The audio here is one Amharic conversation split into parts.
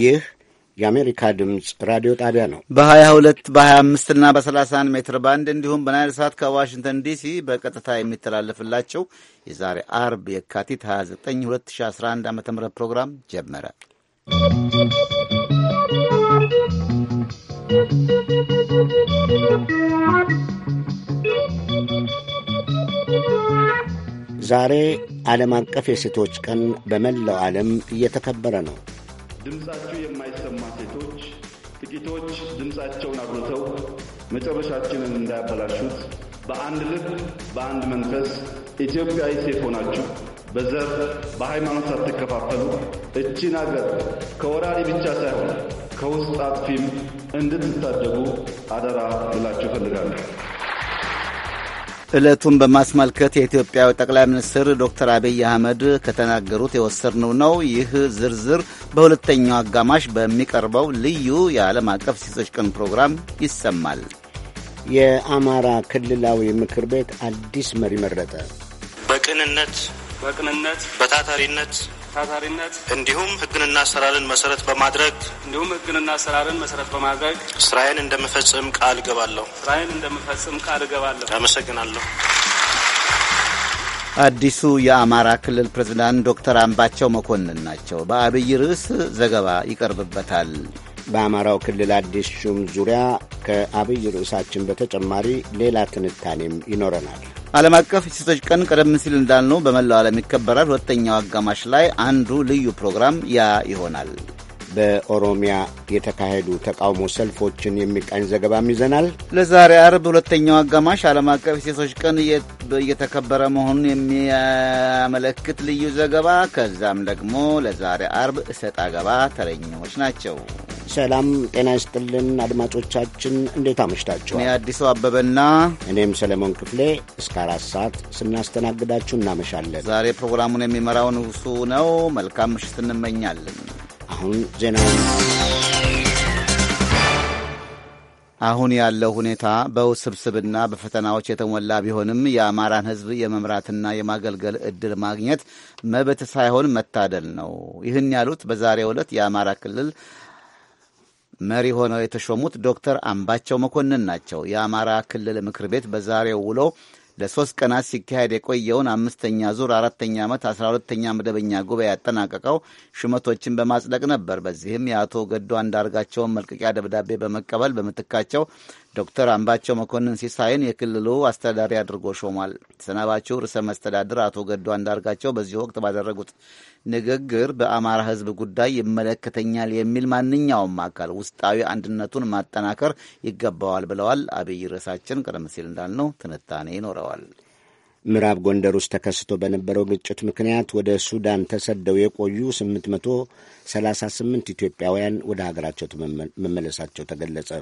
ይህ የአሜሪካ ድምፅ ራዲዮ ጣቢያ ነው። በ22 በ25 እና በ31 ሜትር ባንድ እንዲሁም በናይል ሰዓት ከዋሽንግተን ዲሲ በቀጥታ የሚተላለፍላቸው የዛሬ አርብ የካቲት 29 2011 ዓ ም ፕሮግራም ጀመረ። ዛሬ ዓለም አቀፍ የሴቶች ቀን በመላው ዓለም እየተከበረ ነው። ድምፃቸው የማይሰማ ሴቶች ጥቂቶች ድምፃቸውን አብርተው መጨረሻችንን እንዳያበላሹት በአንድ ልብ በአንድ መንፈስ ኢትዮጵያዊ ሴት ሆናችሁ በዘር በሃይማኖት ሳትከፋፈሉ እቺን አገር ከወራሪ ብቻ ሳይሆን ከውስጥ አጥፊም እንድትታደጉ አደራ ልላችሁ እፈልጋለሁ። ዕለቱን በማስመልከት የኢትዮጵያው ጠቅላይ ሚኒስትር ዶክተር አብይ አህመድ ከተናገሩት የወሰድነው ነው። ይህ ዝርዝር በሁለተኛው አጋማሽ በሚቀርበው ልዩ የዓለም አቀፍ ሴቶች ቀን ፕሮግራም ይሰማል። የአማራ ክልላዊ ምክር ቤት አዲስ መሪ መረጠ። በቅንነት በቅንነት በታታሪነት ታታሪነት እንዲሁም ህግንና አሰራርን መሰረት በማድረግ እንዲሁም ህግንና አሰራርን መሰረት በማድረግ ስራዬን እንደምፈጽም ቃል እገባለሁ ስራዬን እንደምፈጽም ቃል እገባለሁ። አመሰግናለሁ። አዲሱ የአማራ ክልል ፕሬዝዳንት ዶክተር አምባቸው መኮንን ናቸው። በአብይ ርዕስ ዘገባ ይቀርብበታል። በአማራው ክልል አዲስ ሹም ዙሪያ ከአብይ ርዕሳችን በተጨማሪ ሌላ ትንታኔም ይኖረናል። ዓለም አቀፍ የሴቶች ቀን ቀደም ሲል እንዳልነው በመላው ዓለም ይከበራል። ሁለተኛው አጋማሽ ላይ አንዱ ልዩ ፕሮግራም ያ ይሆናል። በኦሮሚያ የተካሄዱ ተቃውሞ ሰልፎችን የሚቃኝ ዘገባም ይዘናል። ለዛሬ አርብ ሁለተኛው አጋማሽ ዓለም አቀፍ የሴቶች ቀን እየተከበረ መሆኑን የሚያመለክት ልዩ ዘገባ፣ ከዛም ደግሞ ለዛሬ አርብ እሰጥ አገባ ተረኞች ናቸው። ሰላም ጤና ይስጥልን አድማጮቻችን፣ እንዴት አመሽታችኋል? እኔ አዲሱ አበበና እኔም ሰለሞን ክፍሌ እስከ አራት ሰዓት ስናስተናግዳችሁ እናመሻለን። ዛሬ ፕሮግራሙን የሚመራው ንጉሱ ነው። መልካም ምሽት እንመኛለን። አሁን ዜናውን አሁን ያለው ሁኔታ በውስብስብና በፈተናዎች የተሞላ ቢሆንም የአማራን ሕዝብ የመምራትና የማገልገል እድል ማግኘት መብት ሳይሆን መታደል ነው። ይህን ያሉት በዛሬው ዕለት የአማራ ክልል መሪ ሆነው የተሾሙት ዶክተር አምባቸው መኮንን ናቸው። የአማራ ክልል ምክር ቤት በዛሬው ውሎ ለሶስት ቀናት ሲካሄድ የቆየውን አምስተኛ ዙር አራተኛ ዓመት አስራ ሁለተኛ መደበኛ ጉባኤ ያጠናቀቀው ሹመቶችን በማጽደቅ ነበር። በዚህም የአቶ ገዱ አንዳርጋቸውን መልቀቂያ ደብዳቤ በመቀበል በምትካቸው ዶክተር አምባቸው መኮንን ሲሳይን የክልሉ አስተዳዳሪ አድርጎ ሾሟል። ተሰናባቸው ርዕሰ መስተዳድር አቶ ገዱ አንዳርጋቸው በዚህ ወቅት ባደረጉት ንግግር በአማራ ሕዝብ ጉዳይ ይመለከተኛል የሚል ማንኛውም አካል ውስጣዊ አንድነቱን ማጠናከር ይገባዋል ብለዋል። አብይ ርዕሳችን ቀደም ሲል እንዳልነው ትንታኔ ይኖረዋል። ምዕራብ ጎንደር ውስጥ ተከስቶ በነበረው ግጭት ምክንያት ወደ ሱዳን ተሰደው የቆዩ 838 ኢትዮጵያውያን ወደ ሀገራቸው መመለሳቸው ተገለጸ።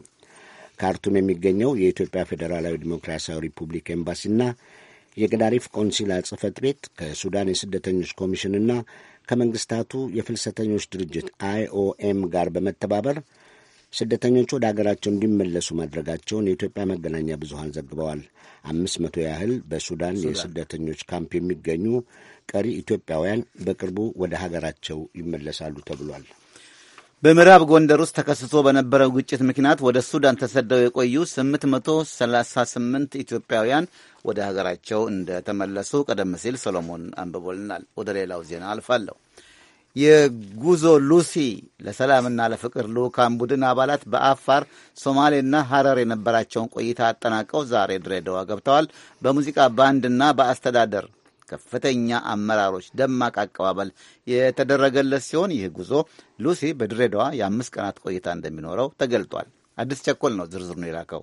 ካርቱም የሚገኘው የኢትዮጵያ ፌዴራላዊ ዲሞክራሲያዊ ሪፑብሊክ ኤምባሲና የገዳሪፍ ቆንሲላ ጽህፈት ቤት ከሱዳን የስደተኞች ኮሚሽንና ከመንግስታቱ የፍልሰተኞች ድርጅት አይኦኤም ጋር በመተባበር ስደተኞቹ ወደ አገራቸው እንዲመለሱ ማድረጋቸውን የኢትዮጵያ መገናኛ ብዙሀን ዘግበዋል። አምስት መቶ ያህል በሱዳን የስደተኞች ካምፕ የሚገኙ ቀሪ ኢትዮጵያውያን በቅርቡ ወደ ሀገራቸው ይመለሳሉ ተብሏል። በምዕራብ ጎንደር ውስጥ ተከስቶ በነበረው ግጭት ምክንያት ወደ ሱዳን ተሰደው የቆዩ 838 ኢትዮጵያውያን ወደ ሀገራቸው እንደተመለሱ ቀደም ሲል ሰሎሞን አንብቦልናል። ወደ ሌላው ዜና አልፋለሁ። የጉዞ ሉሲ ለሰላምና ለፍቅር ልዑካን ቡድን አባላት በአፋር ሶማሌና ሀረር የነበራቸውን ቆይታ አጠናቀው ዛሬ ድሬዳዋ ገብተዋል። በሙዚቃ ባንድና በአስተዳደር ከፍተኛ አመራሮች ደማቅ አቀባበል የተደረገለት ሲሆን ይህ ጉዞ ሉሲ በድሬዳዋ የአምስት ቀናት ቆይታ እንደሚኖረው ተገልጧል። አዲስ ቸኮል ነው ዝርዝሩን የላከው።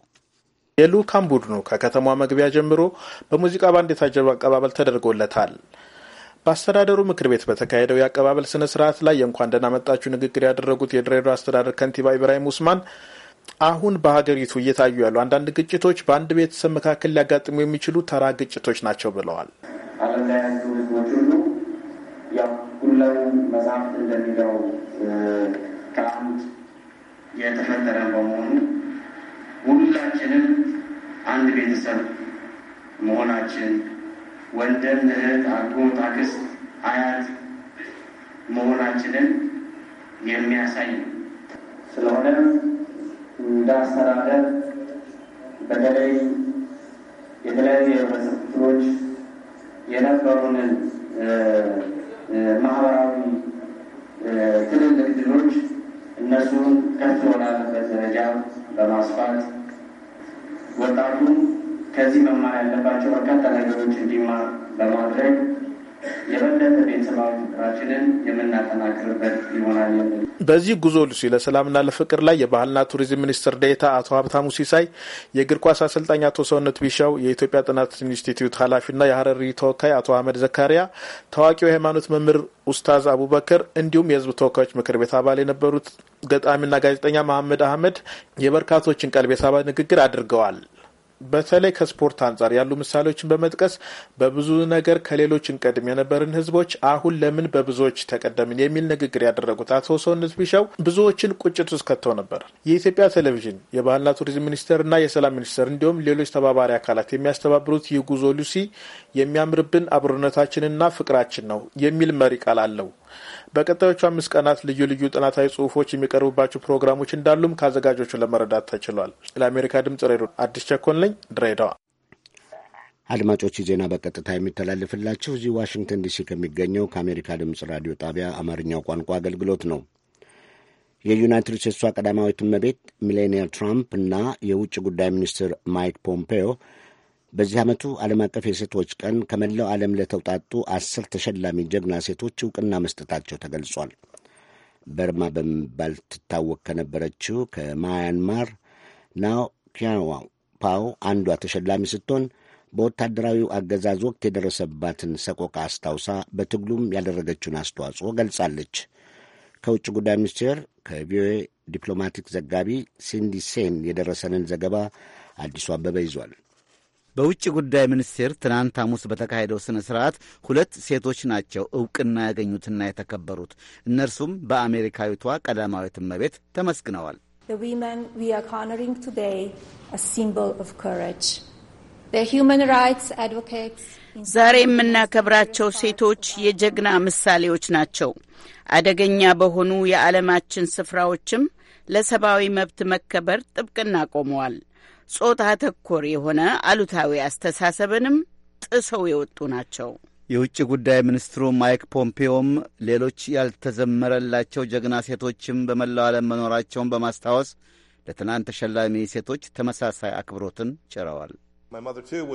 የልዑካን ቡድኑ ከከተማዋ መግቢያ ጀምሮ በሙዚቃ ባንድ የታጀበ አቀባበል ተደርጎለታል። በአስተዳደሩ ምክር ቤት በተካሄደው የአቀባበል ስነ ስርዓት ላይ የእንኳን ደህና መጣችሁ ንግግር ያደረጉት የድሬዳዋ አስተዳደር ከንቲባ ኢብራሂም ኡስማን አሁን በሀገሪቱ እየታዩ ያሉ አንዳንድ ግጭቶች በአንድ ቤተሰብ መካከል ሊያጋጥሙ የሚችሉ ተራ ግጭቶች ናቸው ብለዋል። ዓለም ላይ ያሉ ህዝቦች ሁሉ ያው እንደሚለው ከአንድ የተፈጠረ በመሆኑ ሁላችንም አንድ ቤተሰብ መሆናችን ወንድም፣ እህት፣ አጎት፣ አክስት፣ አያት መሆናችንን የሚያሳይ ስለሆነ እንደ በተለይ የተለያዩ የህብረተሰብ ክፍሎች የነበሩንን ማህበራዊ ትልልቅ ድሎች እነሱን ከፍ ወዳለበት ደረጃ በማስፋት ወጣቱን ከዚህ መማር ያለባቸው በርካታ ነገሮች እንዲማር በማድረግ የበለጠ የምናጠናክርበት ይሆናል። በዚህ ጉዞ ሉሲ ለሰላምና ለፍቅር ላይ የባህልና ቱሪዝም ሚኒስትር ዴታ አቶ ሀብታሙ ሲሳይ፣ የእግር ኳስ አሰልጣኝ አቶ ሰውነት ቢሻው፣ የኢትዮጵያ ጥናት ኢንስቲትዩት ኃላፊና የሀረሪ ተወካይ አቶ አህመድ ዘካሪያ፣ ታዋቂው የሃይማኖት መምህር ኡስታዝ አቡበከር እንዲሁም የህዝብ ተወካዮች ምክር ቤት አባል የነበሩት ገጣሚና ጋዜጠኛ መሐመድ አህመድ የበርካቶችን ቀልብ የሳበ ንግግር አድርገዋል። በተለይ ከስፖርት አንጻር ያሉ ምሳሌዎችን በመጥቀስ በብዙ ነገር ከሌሎች እንቀድም የነበርን ህዝቦች አሁን ለምን በብዙዎች ተቀደምን የሚል ንግግር ያደረጉት አቶ ሰውነት ቢሻው ብዙዎችን ቁጭት ውስጥ ከተው ነበር። የኢትዮጵያ ቴሌቪዥን፣ የባህልና ቱሪዝም ሚኒስቴርና የሰላም ሚኒስቴር እንዲሁም ሌሎች ተባባሪ አካላት የሚያስተባብሩት ይህ ጉዞ ሉሲ የሚያምርብን አብሮነታችንና ፍቅራችን ነው የሚል መሪ ቃል አለው። በቀጣዮቹ አምስት ቀናት ልዩ ልዩ ጥናታዊ ጽሁፎች የሚቀርቡባቸው ፕሮግራሞች እንዳሉም ከአዘጋጆቹ ለመረዳት ተችሏል። ለአሜሪካ ድምጽ ሬዲዮ አዲስ ቸኮን ድሬዳዋ። አድማጮች ዜና በቀጥታ የሚተላለፍላችሁ እዚህ ዋሽንግተን ዲሲ ከሚገኘው ከአሜሪካ ድምፅ ራዲዮ ጣቢያ አማርኛው ቋንቋ አገልግሎት ነው። የዩናይትድ ስቴትሷ ቀዳማዊት እመቤት ሚሌኒያ ትራምፕ እና የውጭ ጉዳይ ሚኒስትር ማይክ ፖምፔዮ በዚህ ዓመቱ ዓለም አቀፍ የሴቶች ቀን ከመላው ዓለም ለተውጣጡ አስር ተሸላሚ ጀግና ሴቶች እውቅና መስጠታቸው ተገልጿል። በርማ በመባል ትታወቅ ከነበረችው ከማያንማር ናው ኪያዋ ፓው አንዷ ተሸላሚ ስትሆን በወታደራዊው አገዛዝ ወቅት የደረሰባትን ሰቆቃ አስታውሳ በትግሉም ያደረገችውን አስተዋጽኦ ገልጻለች። ከውጭ ጉዳይ ሚኒስቴር ከቪኦኤ ዲፕሎማቲክ ዘጋቢ ሲንዲ ሴን የደረሰንን ዘገባ አዲሱ አበበ ይዟል። በውጭ ጉዳይ ሚኒስቴር ትናንት ሐሙስ በተካሄደው ስነ ስርዓት ሁለት ሴቶች ናቸው እውቅና ያገኙትና የተከበሩት። እነርሱም በአሜሪካዊቷ ቀዳማዊት እመቤት ተመስግነዋል። ዛሬ የምናከብራቸው ሴቶች የጀግና ምሳሌዎች ናቸው። አደገኛ በሆኑ የዓለማችን ስፍራዎችም ለሰብአዊ መብት መከበር ጥብቅና ቆመዋል። ጾታ ተኮር የሆነ አሉታዊ አስተሳሰብንም ጥሰው የወጡ ናቸው። የውጭ ጉዳይ ሚኒስትሩ ማይክ ፖምፔዮም ሌሎች ያልተዘመረላቸው ጀግና ሴቶችም በመላው ዓለም መኖራቸውን በማስታወስ ለትናንት ተሸላሚ ሴቶች ተመሳሳይ አክብሮትን ጭረዋል። uh,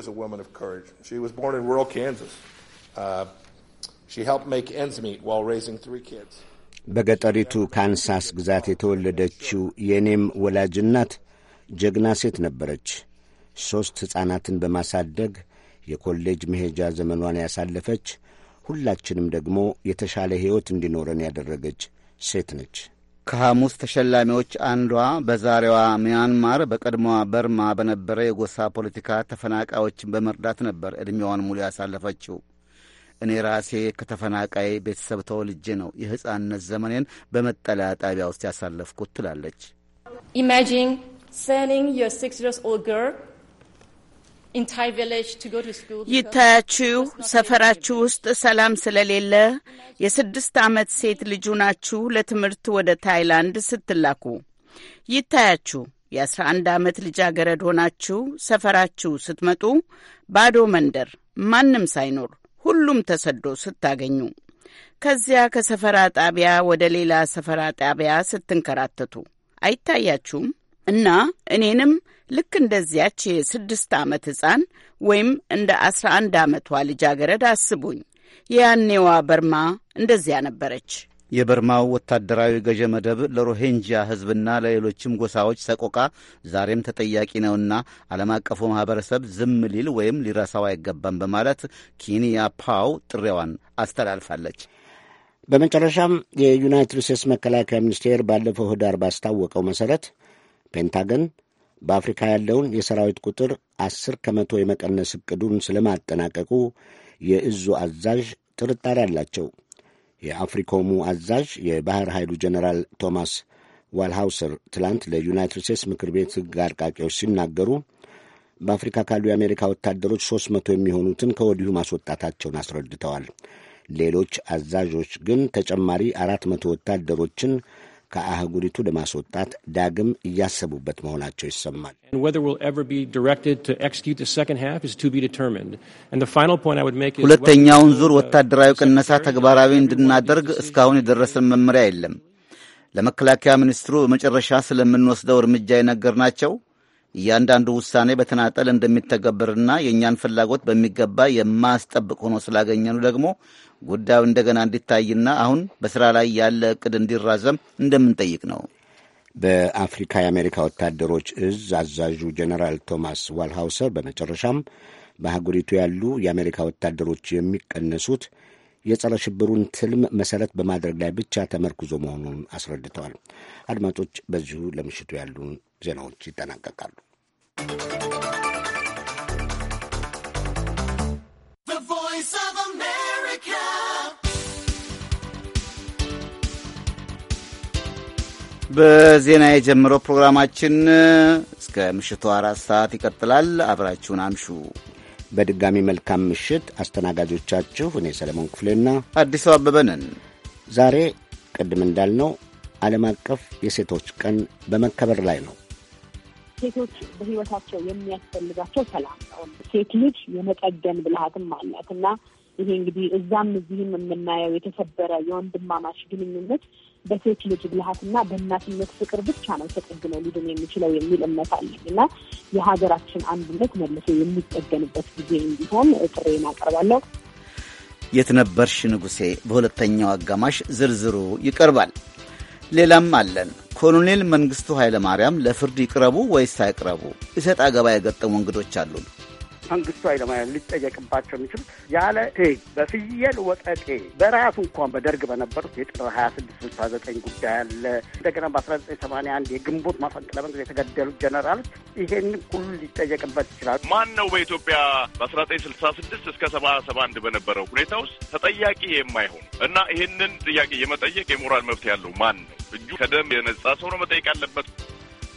በገጠሪቱ ካንሳስ ግዛት የተወለደችው የእኔም ወላጅ እናት ጀግና ሴት ነበረች። ሦስት ሕፃናትን በማሳደግ የኮሌጅ መሄጃ ዘመኗን ያሳለፈች፣ ሁላችንም ደግሞ የተሻለ ሕይወት እንዲኖረን ያደረገች ሴት ነች። ከሐሙስ ተሸላሚዎች አንዷ በዛሬዋ ሚያንማር በቀድሞዋ በርማ በነበረ የጎሳ ፖለቲካ ተፈናቃዮችን በመርዳት ነበር ዕድሜዋን ሙሉ ያሳለፈችው። እኔ ራሴ ከተፈናቃይ ቤተሰብ ተወልጄ ነው የሕፃንነት ዘመኔን በመጠለያ ጣቢያ ውስጥ ያሳለፍኩት ትላለች። ኢማጂን ይታያችሁ ሰፈራችሁ ውስጥ ሰላም ስለሌለ የስድስት ዓመት ሴት ልጁናችሁ ለትምህርት ወደ ታይላንድ ስትላኩ ይታያችሁ የአስራ አንድ ዓመት ልጃገረድ ሆናችሁ ሰፈራችሁ ስትመጡ ባዶ መንደር ማንም ሳይኖር ሁሉም ተሰዶ ስታገኙ ከዚያ ከሰፈራ ጣቢያ ወደ ሌላ ሰፈራ ጣቢያ ስትንከራተቱ አይታያችሁም? እና እኔንም ልክ እንደዚያች የስድስት ዓመት ሕፃን ወይም እንደ አስራ አንድ ዓመቷ ልጃገረድ አስቡኝ። የያኔዋ በርማ እንደዚያ ነበረች። የበርማው ወታደራዊ ገዥ መደብ ለሮሄንጂያ ሕዝብና ለሌሎችም ጎሳዎች ሰቆቃ ዛሬም ተጠያቂ ነውና ዓለም አቀፉ ማኅበረሰብ ዝም ሊል ወይም ሊረሳው አይገባም በማለት ኪንያ ፓው ጥሪዋን አስተላልፋለች። በመጨረሻም የዩናይትድ ስቴትስ መከላከያ ሚኒስቴር ባለፈው ኅዳር ባስታወቀው መሠረት ፔንታገን በአፍሪካ ያለውን የሰራዊት ቁጥር አስር ከመቶ የመቀነስ እቅዱን ስለማጠናቀቁ የእዙ አዛዥ ጥርጣሬ አላቸው። የአፍሪኮሙ አዛዥ የባህር ኃይሉ ጀነራል ቶማስ ዋልሃውሰር ትላንት ለዩናይትድ ስቴትስ ምክር ቤት ሕግ አርቃቂዎች ሲናገሩ በአፍሪካ ካሉ የአሜሪካ ወታደሮች ሦስት መቶ የሚሆኑትን ከወዲሁ ማስወጣታቸውን አስረድተዋል። ሌሎች አዛዦች ግን ተጨማሪ አራት መቶ ወታደሮችን ከአህጉሪቱ ለማስወጣት ዳግም እያሰቡበት መሆናቸው ይሰማል። ሁለተኛውን ዙር uh, ወታደራዊ ቅነሳ ተግባራዊ እንድናደርግ እስካሁን የደረሰን መመሪያ የለም። ለመከላከያ ሚኒስትሩ በመጨረሻ ስለምንወስደው እርምጃ የነገርናቸው እያንዳንዱ ውሳኔ በተናጠል እንደሚተገበርና የእኛን ፍላጎት በሚገባ የማስጠብቅ ሆኖ ስላገኘኑ ደግሞ ጉዳዩ እንደገና እንዲታይና አሁን በስራ ላይ ያለ እቅድ እንዲራዘም እንደምንጠይቅ ነው። በአፍሪካ የአሜሪካ ወታደሮች እዝ አዛዡ ጀኔራል ቶማስ ዋልሃውሰር በመጨረሻም በአህጉሪቱ ያሉ የአሜሪካ ወታደሮች የሚቀነሱት የጸረ ሽብሩን ትልም መሰረት በማድረግ ላይ ብቻ ተመርኩዞ መሆኑን አስረድተዋል። አድማጮች፣ በዚሁ ለምሽቱ ያሉን ዜናዎች ይጠናቀቃሉ። በዜና የጀመረው ፕሮግራማችን እስከ ምሽቱ አራት ሰዓት ይቀጥላል። አብራችሁን አምሹ። በድጋሚ መልካም ምሽት። አስተናጋጆቻችሁ እኔ ሰለሞን ክፍሌና አዲሱ አበበ ነን። ዛሬ ቅድም እንዳልነው ዓለም አቀፍ የሴቶች ቀን በመከበር ላይ ነው። ሴቶች በሕይወታቸው የሚያስፈልጋቸው ሰላም ነው። ሴት ልጅ የመጠገን ብልሃትም አላት እና ይሄ እንግዲህ እዛም እዚህም የምናየው የተሰበረ የወንድማማች ግንኙነት በሴት ልጅ ብልሃትና በእናትነት ፍቅር ብቻ ነው ተጠግኖ ሊድን የሚችለው የሚል እምነት አለኝ እና የሀገራችን አንድነት መልሶ የሚጠገንበት ጊዜ እንዲሆን ጥሬን አቀርባለሁ። የት ነበርሽ ንጉሴ በሁለተኛው አጋማሽ ዝርዝሩ ይቀርባል። ሌላም አለን። ኮሎኔል መንግስቱ ኃይለማርያም ለፍርድ ይቅረቡ ወይስ አይቅረቡ? እሰጥ አገባ የገጠሙ እንግዶች አሉን። መንግስቱ ኃይለማርያም ሊጠየቅባቸው የሚችሉት ያለ ቴ በፍየል ወጠጤ በራሱ እንኳን በደርግ በነበሩት የጥር ሀያ ስድስት ስልሳ ዘጠኝ ጉዳይ አለ። እንደገና በአስራ ዘጠኝ ሰማንያ አንድ የግንቦት ማፈንቅለ መንግስት የተገደሉት ጀነራሎች ይሄን ሁሉ ሊጠየቅበት ይችላል። ማን ነው በኢትዮጵያ በአስራ ዘጠኝ ስልሳ ስድስት እስከ ሰባ ሰባ አንድ በነበረው ሁኔታ ውስጥ ተጠያቂ የማይሆን እና ይህንን ጥያቄ የመጠየቅ የሞራል መብት ያለው ማን ነው? እጁ ከደም የነጻ ሰው ነው መጠየቅ አለበት።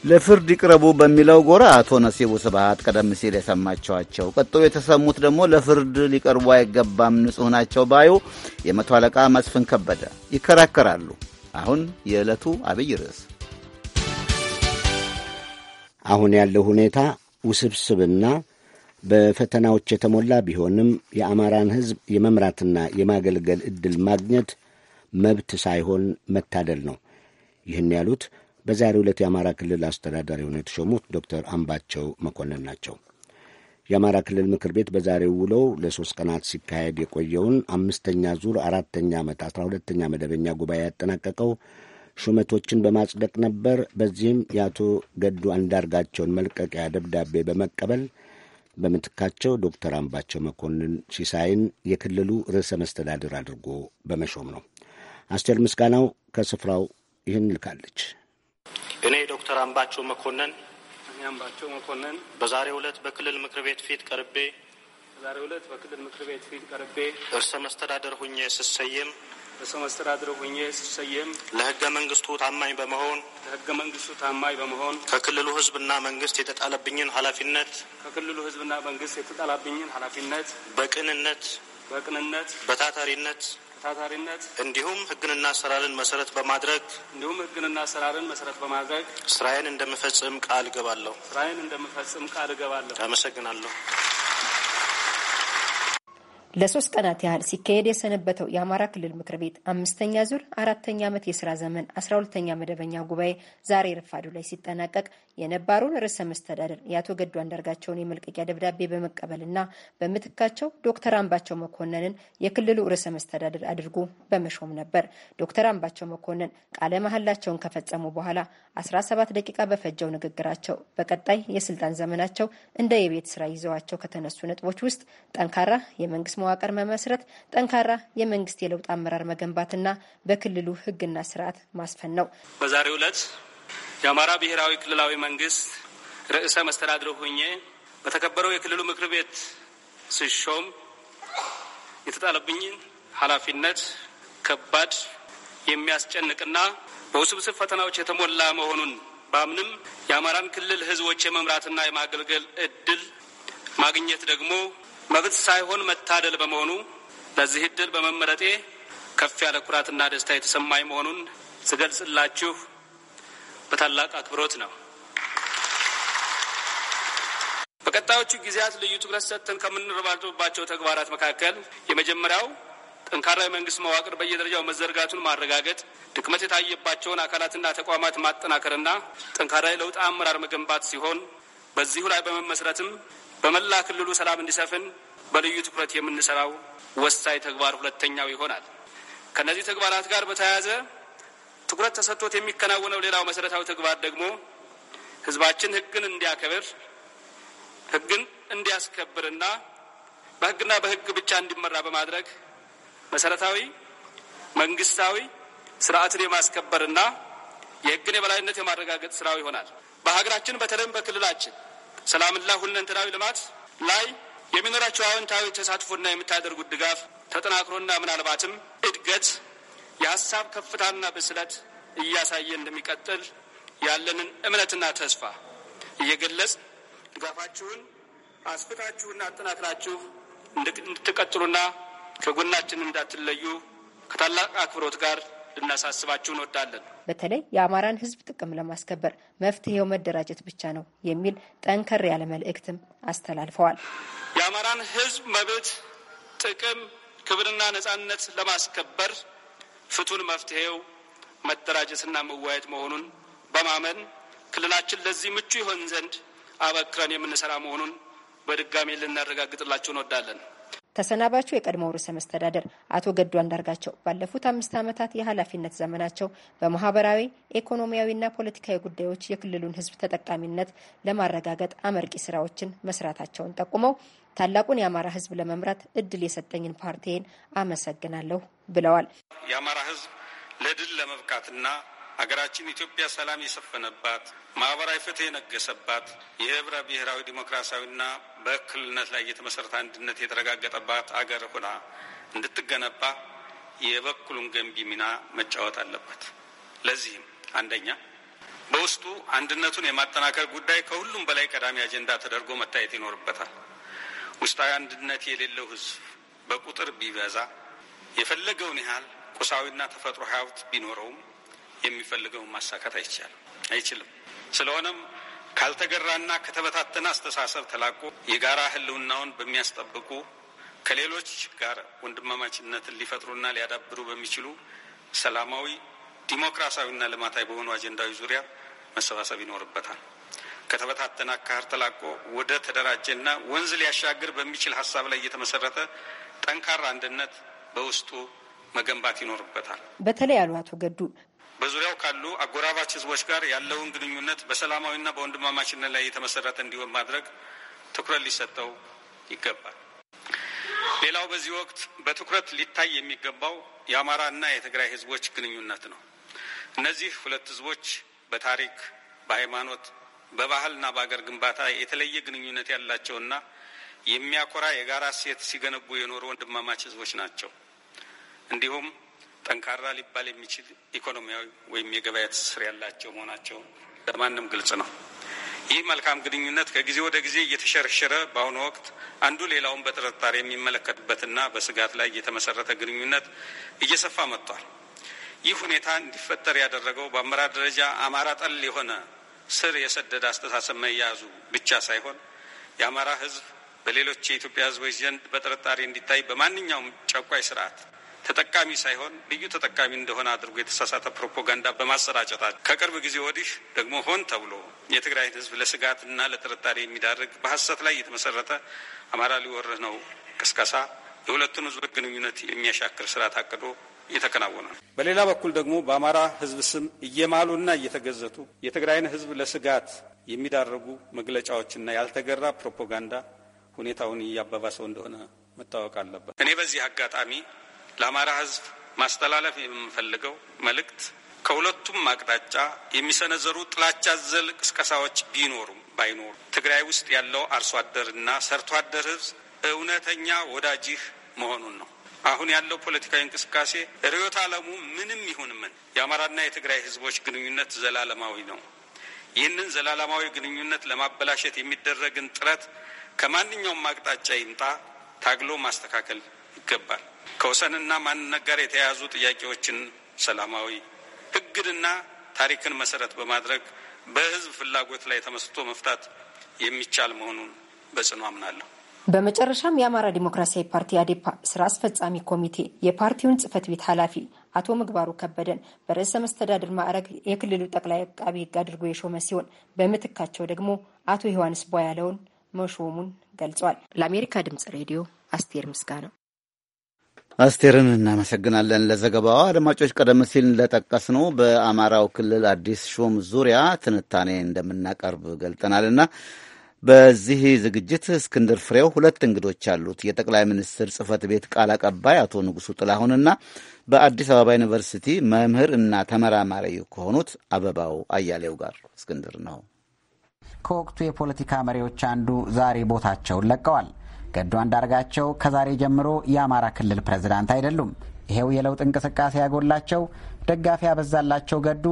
ለፍርድ ይቅረቡ በሚለው ጎራ አቶ ነሲቡ ስብሐት ቀደም ሲል የሰማቸዋቸው፣ ቀጥሎ የተሰሙት ደግሞ ለፍርድ ሊቀርቡ አይገባም ንጹህ ናቸው ባዩ የመቶ አለቃ መስፍን ከበደ ይከራከራሉ። አሁን የዕለቱ አብይ ርዕስ አሁን ያለው ሁኔታ ውስብስብና በፈተናዎች የተሞላ ቢሆንም የአማራን ሕዝብ የመምራትና የማገልገል ዕድል ማግኘት መብት ሳይሆን መታደል ነው። ይህን ያሉት በዛሬ ዕለት የአማራ ክልል አስተዳዳሪ ሆነው የተሾሙት ዶክተር አምባቸው መኮንን ናቸው። የአማራ ክልል ምክር ቤት በዛሬው ውለው ለሶስት ቀናት ሲካሄድ የቆየውን አምስተኛ ዙር አራተኛ ዓመት አስራ ሁለተኛ መደበኛ ጉባኤ ያጠናቀቀው ሹመቶችን በማጽደቅ ነበር። በዚህም የአቶ ገዱ አንዳርጋቸውን መልቀቂያ ደብዳቤ በመቀበል በምትካቸው ዶክተር አምባቸው መኮንን ሲሳይን የክልሉ ርዕሰ መስተዳድር አድርጎ በመሾም ነው። አስቴር ምስጋናው ከስፍራው ይህን ልካለች። እኔ ዶክተር አምባቸው መኮንን አምባቸው መኮንን በዛሬው ዕለት በክልል ምክር ቤት ፊት ቀርቤ በዛሬው ዕለት በክልል ምክር ቤት ፊት ቀርቤ እርሰ መስተዳደር ሁኜ ስሰየም እርሰ መስተዳደር ሁኜ ስሰየም ለህገ መንግስቱ ታማኝ በመሆን ለህገ መንግስቱ ታማኝ በመሆን ከክልሉ ህዝብና መንግስት የተጣለብኝን ኃላፊነት ከክልሉ ህዝብና መንግስት የተጣለብኝን ኃላፊነት በቅንነት በቅንነት በታታሪነት ታታሪነት እንዲሁም ህግንና አሰራርን መሰረት በማድረግ እንዲሁም ህግንና አሰራርን መሰረት በማድረግ ስራዬን እንደምፈጽም ቃል እገባለሁ ስራዬን እንደምፈጽም ቃል እገባለሁ። አመሰግናለሁ። ለሶስት ቀናት ያህል ሲካሄድ የሰነበተው የአማራ ክልል ምክር ቤት አምስተኛ ዙር አራተኛ ዓመት የስራ ዘመን አስራ ሁለተኛ መደበኛ ጉባኤ ዛሬ ረፋዱ ላይ ሲጠናቀቅ የነባሩን ርዕሰ መስተዳደር የአቶ ገዱ አንዳርጋቸውን የመልቀቂያ ደብዳቤ በመቀበልና በምትካቸው ዶክተር አምባቸው መኮንንን የክልሉ ርዕሰ መስተዳደር አድርጎ በመሾም ነበር። ዶክተር አምባቸው መኮንን ቃለ መሐላቸውን ከፈጸሙ በኋላ 17 ደቂቃ በፈጀው ንግግራቸው በቀጣይ የስልጣን ዘመናቸው እንደ የቤት ስራ ይዘዋቸው ከተነሱ ነጥቦች ውስጥ ጠንካራ የመንግስት መዋቅር መመስረት፣ ጠንካራ የመንግስት የለውጥ አመራር መገንባትና በክልሉ ህግና ስርዓት ማስፈን ነው። በዛሬው ዕለት የአማራ ብሔራዊ ክልላዊ መንግስት ርዕሰ መስተዳድር ሆኜ በተከበረው የክልሉ ምክር ቤት ስሾም የተጣለብኝን ኃላፊነት ከባድ የሚያስጨንቅና በውስብስብ ፈተናዎች የተሞላ መሆኑን ባምንም የአማራን ክልል ህዝቦች የመምራትና የማገልገል እድል ማግኘት ደግሞ መብት ሳይሆን መታደል በመሆኑ ለዚህ እድል በመመረጤ ከፍ ያለ ኩራትና ደስታ የተሰማኝ መሆኑን ስገልጽላችሁ በታላቅ አክብሮት ነው። በቀጣዮቹ ጊዜያት ልዩ ትኩረት ሰጥተን ከምንረባረብባቸው ተግባራት መካከል የመጀመሪያው ጠንካራ የመንግስት መዋቅር በየደረጃው መዘርጋቱን ማረጋገጥ፣ ድክመት የታየባቸውን አካላትና ተቋማት ማጠናከርና ጠንካራ የለውጥ አመራር መገንባት ሲሆን በዚሁ ላይ በመመስረትም በመላ ክልሉ ሰላም እንዲሰፍን በልዩ ትኩረት የምንሰራው ወሳኝ ተግባር ሁለተኛው ይሆናል። ከእነዚህ ተግባራት ጋር በተያያዘ ትኩረት ተሰጥቶት የሚከናወነው ሌላው መሰረታዊ ተግባር ደግሞ ህዝባችን ህግን እንዲያከብር ህግን እንዲያስከብርና በህግና በህግ ብቻ እንዲመራ በማድረግ መሰረታዊ መንግስታዊ ስርዓትን የማስከበርና የህግን የበላይነት የማረጋገጥ ስራው ይሆናል። በሀገራችን በተለይም በክልላችን ሰላምና ሁለንተናዊ ልማት ላይ የሚኖራቸው አዎንታዊ ተሳትፎና የምታደርጉት ድጋፍ ተጠናክሮና ምናልባትም እድገት የሀሳብ ከፍታና ብስለት እያሳየ እንደሚቀጥል ያለንን እምነትና ተስፋ እየገለጽ ድጋፋችሁን አስፍታችሁና አጠናክራችሁ እንድትቀጥሉና ከጎናችን እንዳትለዩ ከታላቅ አክብሮት ጋር ልናሳስባችሁ እንወዳለን። በተለይ የአማራን ሕዝብ ጥቅም ለማስከበር መፍትሄው መደራጀት ብቻ ነው የሚል ጠንከር ያለ መልእክትም አስተላልፈዋል። የአማራን ሕዝብ መብት፣ ጥቅም፣ ክብርና ነጻነት ለማስከበር ፍቱን መፍትሄው መደራጀትና መዋየት መሆኑን በማመን ክልላችን ለዚህ ምቹ ይሆን ዘንድ አበክረን የምንሰራ መሆኑን በድጋሚ ልናረጋግጥላችሁ እንወዳለን። ተሰናባቹ የቀድሞው ርዕሰ መስተዳደር አቶ ገዱ አንዳርጋቸው ባለፉት አምስት ዓመታት የኃላፊነት ዘመናቸው በማህበራዊ ኢኮኖሚያዊና ፖለቲካዊ ጉዳዮች የክልሉን ሕዝብ ተጠቃሚነት ለማረጋገጥ አመርቂ ስራዎችን መስራታቸውን ጠቁመው ታላቁን የአማራ ሕዝብ ለመምራት እድል የሰጠኝን ፓርቲዬን አመሰግናለሁ ብለዋል። የአማራ ሕዝብ ለድል ለመብቃትና አገራችን ኢትዮጵያ ሰላም የሰፈነባት ማህበራዊ ፍትህ የነገሰባት የህብረ ብሔራዊ ዲሞክራሲያዊና በእክልነት ላይ የተመሰረተ አንድነት የተረጋገጠባት አገር ሆና እንድትገነባ የበኩሉን ገንቢ ሚና መጫወት አለበት። ለዚህም አንደኛ በውስጡ አንድነቱን የማጠናከር ጉዳይ ከሁሉም በላይ ቀዳሚ አጀንዳ ተደርጎ መታየት ይኖርበታል። ውስጣዊ አንድነት የሌለው ህዝብ በቁጥር ቢበዛ የፈለገውን ያህል ቁሳዊና ተፈጥሮ ሀብት ቢኖረውም የሚፈልገውን ማሳካት አይቻልም አይችልም። ስለሆነም ካልተገራና ከተበታተነ አስተሳሰብ ተላቆ የጋራ ህልውናውን በሚያስጠብቁ ከሌሎች ጋር ወንድማማችነትን ሊፈጥሩና ሊያዳብሩ በሚችሉ ሰላማዊ ዲሞክራሲያዊና ልማታዊ በሆኑ አጀንዳዊ ዙሪያ መሰባሰብ ይኖርበታል። ከተበታተነ አካሄድ ተላቆ ወደ ተደራጀና ወንዝ ሊያሻግር በሚችል ሀሳብ ላይ እየተመሰረተ ጠንካራ አንድነት በውስጡ መገንባት ይኖርበታል። በተለይ አሉ አቶ ገዱ በዙሪያው ካሉ አጎራባች ህዝቦች ጋር ያለውን ግንኙነት በሰላማዊና በወንድማማችነት ላይ የተመሰረተ እንዲሆን ማድረግ ትኩረት ሊሰጠው ይገባል። ሌላው በዚህ ወቅት በትኩረት ሊታይ የሚገባው የአማራና የትግራይ ህዝቦች ግንኙነት ነው። እነዚህ ሁለት ህዝቦች በታሪክ፣ በሃይማኖት፣ በባህልና በአገር ግንባታ የተለየ ግንኙነት ያላቸውና የሚያኮራ የጋራ እሴት ሲገነቡ የኖሩ ወንድማማች ህዝቦች ናቸው። እንዲሁም ጠንካራ ሊባል የሚችል ኢኮኖሚያዊ ወይም የገበያ ትስስር ያላቸው መሆናቸው ለማንም ግልጽ ነው። ይህ መልካም ግንኙነት ከጊዜ ወደ ጊዜ እየተሸረሸረ በአሁኑ ወቅት አንዱ ሌላውን በጥርጣሬ የሚመለከትበትና በስጋት ላይ የተመሰረተ ግንኙነት እየሰፋ መጥቷል። ይህ ሁኔታ እንዲፈጠር ያደረገው በአመራር ደረጃ አማራ ጠል የሆነ ስር የሰደደ አስተሳሰብ መያዙ ብቻ ሳይሆን የአማራ ሕዝብ በሌሎች የኢትዮጵያ ሕዝቦች ዘንድ በጥርጣሬ እንዲታይ በማንኛውም ጨቋይ ስርዓት ተጠቃሚ ሳይሆን ልዩ ተጠቃሚ እንደሆነ አድርጎ የተሳሳተ ፕሮፓጋንዳ በማሰራጨታል። ከቅርብ ጊዜ ወዲህ ደግሞ ሆን ተብሎ የትግራይን ህዝብ ለስጋትና ለጥርጣሬ የሚዳርግ በሀሰት ላይ የተመሰረተ አማራ ሊወርህ ነው ቅስቀሳ የሁለቱን ህዝብ ግንኙነት የሚያሻክር ስራ ታቅዶ እየተከናወነ ነው። በሌላ በኩል ደግሞ በአማራ ህዝብ ስም እየማሉና እየተገዘቱ የትግራይን ህዝብ ለስጋት የሚዳርጉ መግለጫዎችና ያልተገራ ፕሮፓጋንዳ ሁኔታውን እያባባሰው እንደሆነ መታወቅ አለበት። እኔ በዚህ አጋጣሚ ለአማራ ህዝብ ማስተላለፍ የምንፈልገው መልእክት ከሁለቱም አቅጣጫ የሚሰነዘሩ ጥላቻ ዘል ቅስቀሳዎች ቢኖሩም ባይኖሩ ትግራይ ውስጥ ያለው አርሶ አደርና ሰርቶ አደር ህዝብ እውነተኛ ወዳጅህ መሆኑን ነው። አሁን ያለው ፖለቲካዊ እንቅስቃሴ ርዕዮተ ዓለሙ ምንም ይሁን ምን የአማራና የትግራይ ህዝቦች ግንኙነት ዘላለማዊ ነው። ይህንን ዘላለማዊ ግንኙነት ለማበላሸት የሚደረግን ጥረት ከማንኛውም አቅጣጫ ይምጣ ታግሎ ማስተካከል ይገባል። ከወሰንና ማንነት ጋር የተያያዙ ጥያቄዎችን ሰላማዊ ህግንና ታሪክን መሰረት በማድረግ በህዝብ ፍላጎት ላይ ተመስርቶ መፍታት የሚቻል መሆኑን በጽኑ አምናለሁ። በመጨረሻም የአማራ ዲሞክራሲያዊ ፓርቲ አዴፓ ስራ አስፈጻሚ ኮሚቴ የፓርቲውን ጽህፈት ቤት ኃላፊ አቶ ምግባሩ ከበደን በርዕሰ መስተዳድር ማዕረግ የክልሉ ጠቅላይ አቃቢ ህግ አድርጎ የሾመ ሲሆን በምትካቸው ደግሞ አቶ ዮሐንስ ቧያለውን መሾሙን ገልጿል። ለአሜሪካ ድምጽ ሬዲዮ አስቴር ነው። አስቴርን እናመሰግናለን ለዘገባዋ። አድማጮች፣ ቀደም ሲል እንደጠቀስነው በአማራው ክልል አዲስ ሹም ዙሪያ ትንታኔ እንደምናቀርብ ገልጠናልና በዚህ ዝግጅት እስክንድር ፍሬው ሁለት እንግዶች አሉት። የጠቅላይ ሚኒስትር ጽህፈት ቤት ቃል አቀባይ አቶ ንጉሱ ጥላሁንና በአዲስ አበባ ዩኒቨርሲቲ መምህር እና ተመራማሪ ከሆኑት አበባው አያሌው ጋር እስክንድር ነው። ከወቅቱ የፖለቲካ መሪዎች አንዱ ዛሬ ቦታቸውን ለቀዋል። ገዱ አንዳርጋቸው ከዛሬ ጀምሮ የአማራ ክልል ፕሬዝዳንት አይደሉም። ይሄው የለውጥ እንቅስቃሴ ያጎላቸው ደጋፊ ያበዛላቸው ገዱ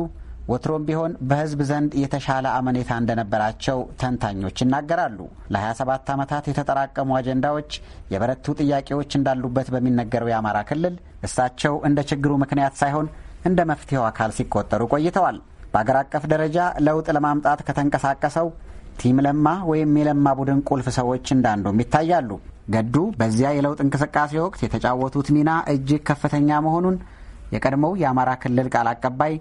ወትሮም ቢሆን በሕዝብ ዘንድ የተሻለ አመኔታ እንደነበራቸው ተንታኞች ይናገራሉ። ለ27 ዓመታት የተጠራቀሙ አጀንዳዎች፣ የበረቱ ጥያቄዎች እንዳሉበት በሚነገረው የአማራ ክልል እሳቸው እንደ ችግሩ ምክንያት ሳይሆን እንደ መፍትሄው አካል ሲቆጠሩ ቆይተዋል። በአገር አቀፍ ደረጃ ለውጥ ለማምጣት ከተንቀሳቀሰው ቲም ለማ ወይም የለማ ቡድን ቁልፍ ሰዎች እንዳንዱም ይታያሉ። ገዱ በዚያ የለውጥ እንቅስቃሴ ወቅት የተጫወቱት ሚና እጅግ ከፍተኛ መሆኑን የቀድሞው የአማራ ክልል ቃል አቀባይ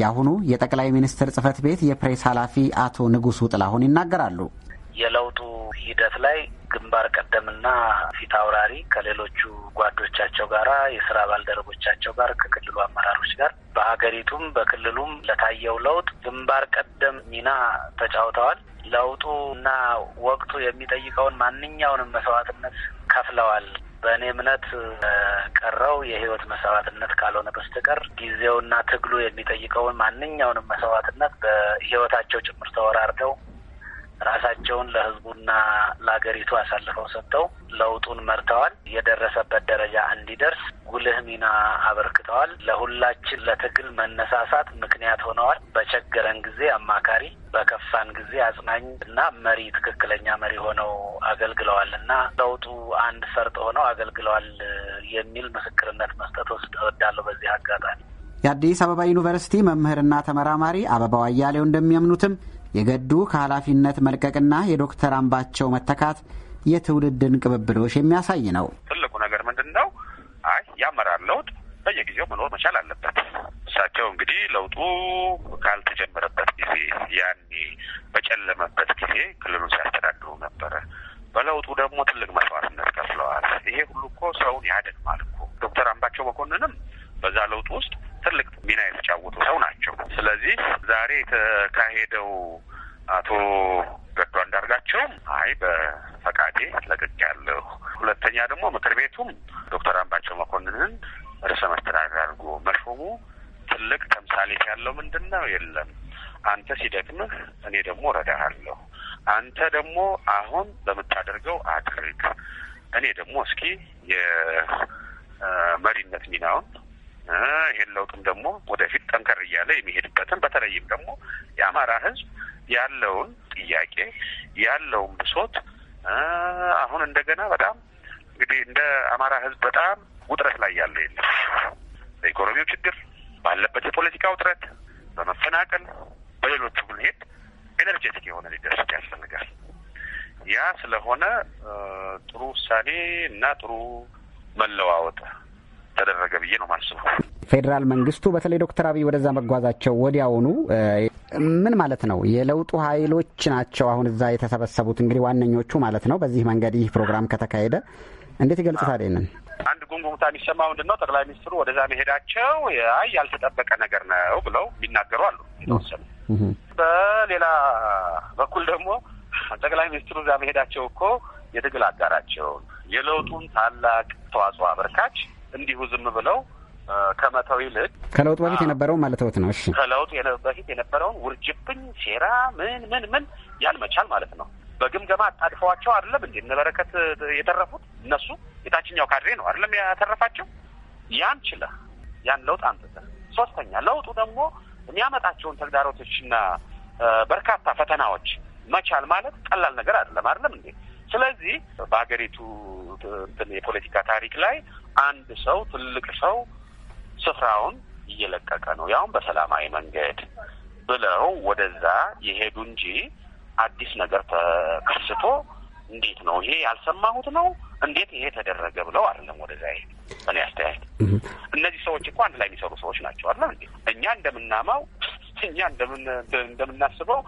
የአሁኑ የጠቅላይ ሚኒስትር ጽህፈት ቤት የፕሬስ ኃላፊ አቶ ንጉሱ ጥላሁን ይናገራሉ። የለውጡ ሂደት ላይ ግንባር ቀደምና ፊት አውራሪ ከሌሎቹ ጓዶቻቸው ጋር የስራ ባልደረቦቻቸው ጋር ከክልሉ አመራሮች ጋር በሀገሪቱም በክልሉም ለታየው ለውጥ ግንባር ቀደም ሚና ተጫውተዋል። ለውጡ እና ወቅቱ የሚጠይቀውን ማንኛውንም መስዋዕትነት ከፍለዋል። በእኔ እምነት ቀረው የህይወት መስዋዕትነት ካልሆነ በስተቀር ጊዜውና ትግሉ የሚጠይቀውን ማንኛውንም መስዋዕትነት በህይወታቸው ጭምር ተወራርደው ራሳቸውን ለህዝቡና ለሀገሪቱ አሳልፈው ሰጥተው ለውጡን መርተዋል። የደረሰበት ደረጃ እንዲደርስ ጉልህ ሚና አበርክተዋል። ለሁላችን ለትግል መነሳሳት ምክንያት ሆነዋል። በቸገረን ጊዜ አማካሪ በከፋን ጊዜ አጽናኝ እና መሪ ትክክለኛ መሪ ሆነው አገልግለዋል እና ለውጡ አንድ ፈርጥ ሆነው አገልግለዋል የሚል ምስክርነት መስጠት ውስጥ እወዳለሁ በዚህ አጋጣሚ። የአዲስ አበባ ዩኒቨርሲቲ መምህርና ተመራማሪ አበባው አያሌው እንደሚያምኑትም የገዱ ከኃላፊነት መልቀቅና የዶክተር አምባቸው መተካት የትውልድን ቅብብሎች የሚያሳይ ነው። ትልቁ ነገር ምንድን ነው? አይ የአመራር ለውጥ በየጊዜው መኖር መቻል አለበት። እሳቸው እንግዲህ ለውጡ ካልተጀመረበት ጊዜ ያኔ በጨለመበት ጊዜ ክልሉን ሲያስተዳድሩ ነበረ። በለውጡ ደግሞ ትልቅ መስዋዕትነት ከፍለዋል። ይሄ ሁሉ እኮ ሰውን ያደግማል እኮ። ዶክተር አምባቸው መኮንንም በዛ ለውጥ ውስጥ ትልቅ ሚና የተጫወቱ ሰው ናቸው። ስለዚህ ዛሬ የተካሄደው አቶ ገዱ አንዳርጋቸውም አይ በፈቃዴ ለቅቄያለሁ። ሁለተኛ ደግሞ ምክር ቤቱም ዶክተር አምባቸው መኮንንን ርዕሰ መስተዳድር አድርጎ መሾሙ ትልቅ ተምሳሌት ያለው ምንድን ነው? የለም አንተ ሲደክምህ እኔ ደግሞ ረዳሃለሁ፣ አንተ ደግሞ አሁን በምታደርገው አድርግ፣ እኔ ደግሞ እስኪ የመሪነት ሚናውን ይሄን ለውጥም ደግሞ ወደፊት ጠንከር እያለ የሚሄድበትን በተለይም ደግሞ የአማራ ህዝብ ያለውን ጥያቄ ያለውን ብሶት አሁን እንደገና በጣም እንግዲህ እንደ አማራ ህዝብ በጣም ውጥረት ላይ ያለ የለም። በኢኮኖሚው ችግር፣ ባለበት የፖለቲካ ውጥረት፣ በመፈናቀል፣ በሌሎቹ ብንሄድ ኤነርጀቲክ የሆነ ሊደርሽፕ ያስፈልጋል። ያ ስለሆነ ጥሩ ውሳኔ እና ጥሩ መለዋወጥ ተደረገ ብዬ ነው ማስበው። ፌዴራል መንግስቱ በተለይ ዶክተር አብይ ወደዛ መጓዛቸው ወዲያውኑ ምን ማለት ነው? የለውጡ ኃይሎች ናቸው አሁን እዛ የተሰበሰቡት እንግዲህ ዋነኞቹ ማለት ነው። በዚህ መንገድ ይህ ፕሮግራም ከተካሄደ እንዴት ይገልጹታል ይህንን? አንድ ጉንጉምታ የሚሰማ ምንድን ነው? ጠቅላይ ሚኒስትሩ ወደዛ መሄዳቸው አይ ያልተጠበቀ ነገር ነው ብለው የሚናገሩ አሉ የተወሰኑ። በሌላ በኩል ደግሞ ጠቅላይ ሚኒስትሩ እዛ መሄዳቸው እኮ የትግል አጋራቸውን የለውጡን ታላቅ ተዋጽኦ አበርካች እንዲሁ ዝም ብለው ከመተው ይልቅ ከለውጥ በፊት የነበረውን ማለት ወት ነው። እሺ ከለውጥ በፊት የነበረውን ውርጅብኝ፣ ሴራ፣ ምን ምን ምን ያልመቻል ማለት ነው በግምገማ አጣድፈዋቸው አይደለም እንዴ እነ በረከት የተረፉት? እነሱ የታችኛው ካድሬ ነው አይደለም ያተረፋቸው? ያን ችለህ ያን ለውጥ አንጥተህ ሶስተኛ ለውጡ ደግሞ የሚያመጣቸውን ተግዳሮቶችና በርካታ ፈተናዎች መቻል ማለት ቀላል ነገር አይደለም አይደለም እንዴ? ስለዚህ በሀገሪቱ እንትን የፖለቲካ ታሪክ ላይ አንድ ሰው ትልቅ ሰው ስፍራውን እየለቀቀ ነው ያውም በሰላማዊ መንገድ ብለው ወደዛ የሄዱ እንጂ አዲስ ነገር ተከስቶ እንዴት ነው ይሄ ያልሰማሁት ነው እንዴት ይሄ ተደረገ ብለው አይደለም ወደዛ ይሄ እኔ አስተያየት እነዚህ ሰዎች እኮ አንድ ላይ የሚሰሩ ሰዎች ናቸው አለ እንዴ እኛ እንደምናማው እኛ እንደምናስበው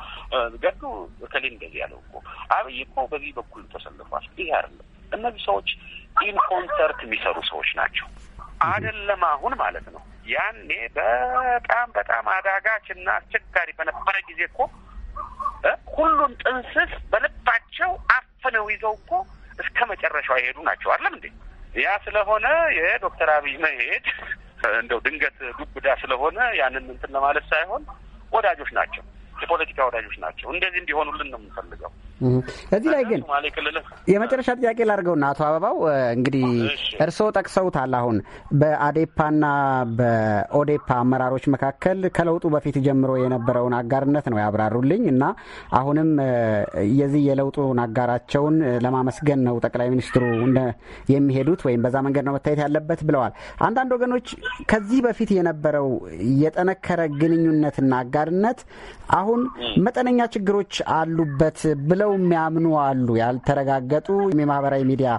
ገዱ እከሌ እንደዚህ ያለው እኮ አብይ እኮ በዚህ በኩል ተሰልፏል። ይሄ አይደለም እነዚህ ሰዎች ኢን ኮንሰርት የሚሰሩ ሰዎች ናቸው አይደለም አሁን ማለት ነው። ያኔ በጣም በጣም አዳጋች እና አስቸጋሪ በነበረ ጊዜ እኮ ሁሉን ጥንስስ በልባቸው አፍነው ይዘው እኮ እስከ መጨረሻው የሄዱ ናቸው። አለም እንዴ! ያ ስለሆነ የዶክተር አብይ መሄድ እንደው ድንገት ዱብዳ ስለሆነ ያንን እንትን ለማለት ሳይሆን ወዳጆች ናቸው፣ የፖለቲካ ወዳጆች ናቸው። እንደዚህ እንዲሆኑልን ነው የምንፈልገው። እዚህ ላይ ግን የመጨረሻ ጥያቄ ላድርገውና አቶ አበባው እንግዲህ እርስዎ ጠቅሰውታል። አሁን በአዴፓና በኦዴፓ አመራሮች መካከል ከለውጡ በፊት ጀምሮ የነበረውን አጋርነት ነው ያብራሩልኝ እና አሁንም የዚህ የለውጡን አጋራቸውን ለማመስገን ነው ጠቅላይ ሚኒስትሩ የሚሄዱት ወይም በዛ መንገድ ነው መታየት ያለበት ብለዋል። አንዳንድ ወገኖች ከዚህ በፊት የነበረው የጠነከረ ግንኙነትና አጋርነት አሁን መጠነኛ ችግሮች አሉበት ብለው የሚያምኑ አሉ። ያልተረጋገጡ የማህበራዊ ሚዲያ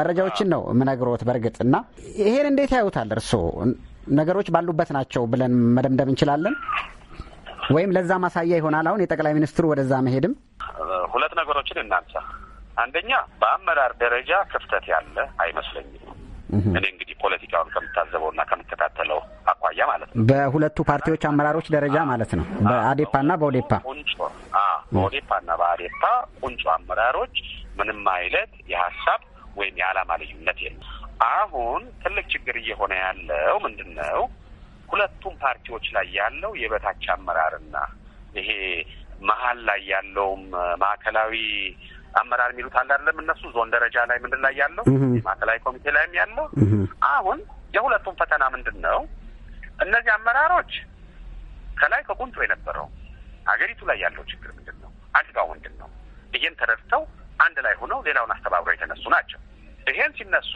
መረጃዎችን ነው የምነግሮት። በእርግጥ እና ይሄን እንዴት ያዩታል እርስዎ? ነገሮች ባሉበት ናቸው ብለን መደምደም እንችላለን ወይም ለዛ ማሳያ ይሆናል አሁን የጠቅላይ ሚኒስትሩ ወደዛ መሄድም። ሁለት ነገሮችን እናንሳ። አንደኛ በአመራር ደረጃ ክፍተት ያለ አይመስለኝም። እኔ እንግዲህ ፖለቲካውን ከምታዘበውና ከምከታተለው አኳያ ማለት ነው። በሁለቱ ፓርቲዎች አመራሮች ደረጃ ማለት ነው። በአዴፓና በኦዴፓ ቁንጮ በኦዴፓና በአዴፓ ቁንጮ አመራሮች ምንም አይነት የሀሳብ ወይም የዓላማ ልዩነት የለም። አሁን ትልቅ ችግር እየሆነ ያለው ምንድን ነው? ሁለቱም ፓርቲዎች ላይ ያለው የበታች አመራርና ይሄ መሀል ላይ ያለውም ማዕከላዊ አመራር የሚሉት አለ አይደለም። እነሱ ዞን ደረጃ ላይ ምንድን ላይ ያለው ማዕከላዊ ኮሚቴ ላይም ያለው አሁን የሁለቱም ፈተና ምንድን ነው? እነዚህ አመራሮች ከላይ ከቁንጮ የነበረው ሀገሪቱ ላይ ያለው ችግር ምንድን ነው? አደጋው ምንድን ነው? ይህን ተረድተው አንድ ላይ ሆነው ሌላውን አስተባብረው የተነሱ ናቸው። ይሄን ሲነሱ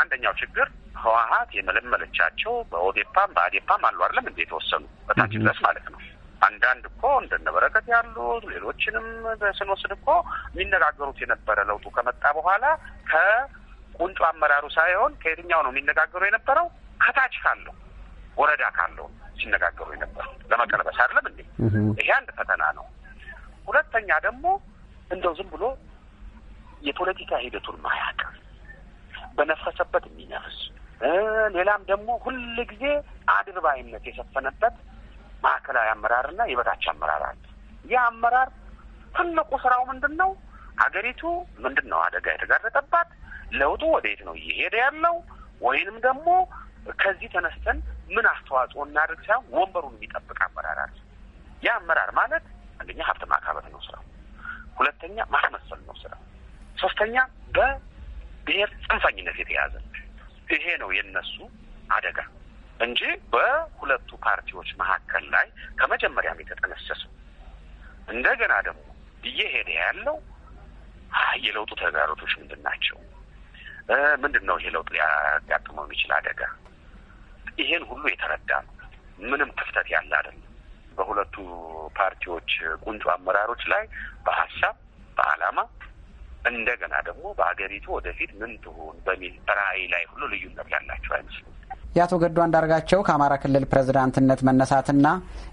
አንደኛው ችግር ህወሀት የመለመለቻቸው በኦዴፓም በአዴፓም አሉ አይደለም እንደ የተወሰኑ በታች ድረስ ማለት ነው አንዳንድ እኮ እንደነበረከት ያሉ ሌሎችንም ስንወስድ እኮ የሚነጋገሩት የነበረ ለውጡ ከመጣ በኋላ ከቁንጮ አመራሩ ሳይሆን ከየትኛው ነው የሚነጋገሩ የነበረው? ከታች ካለው ወረዳ ካለው ሲነጋገሩ የነበረው ለመቀለበስ አይደለም እንዴ? ይሄ አንድ ፈተና ነው። ሁለተኛ ደግሞ እንደው ዝም ብሎ የፖለቲካ ሂደቱን ማያቅ በነፈሰበት የሚነፍስ ሌላም ደግሞ ሁል ጊዜ አድርባይነት የሰፈነበት ማዕከላዊ አመራርና የበታች አመራር አለ። ይህ አመራር ትልቁ ስራው ምንድን ነው? ሀገሪቱ ምንድን ነው አደጋ የተጋረጠባት? ለውጡ ወዴት ነው እየሄደ ያለው? ወይንም ደግሞ ከዚህ ተነስተን ምን አስተዋጽኦ እናደርግ ሳይሆን ወንበሩን የሚጠብቅ አመራር አለ። ያ አመራር ማለት አንደኛ ሀብት ማካበት ነው ስራው፣ ሁለተኛ ማስመሰል ነው ስራው፣ ሶስተኛ በብሔር ጽንፈኝነት የተያዘ ይሄ ነው የነሱ አደጋ። እንጂ በሁለቱ ፓርቲዎች መካከል ላይ ከመጀመሪያም የተጠነሰሱ እንደገና ደግሞ እየሄደ ያለው የለውጡ ተግዳሮቶች ምንድን ናቸው? ምንድን ነው ይሄ ለውጥ ሊያጋጥመው የሚችል አደጋ? ይሄን ሁሉ የተረዳ ነው። ምንም ክፍተት ያለ አይደለም። በሁለቱ ፓርቲዎች ቁንጮ አመራሮች ላይ በሀሳብ በዓላማ እንደገና ደግሞ በሀገሪቱ ወደፊት ምን ትሁን በሚል ራዕይ ላይ ሁሉ ልዩነት ያላቸው አይመስሉም። የአቶ ገዱ አንዳርጋቸው ከአማራ ክልል ፕሬዝዳንትነት መነሳትና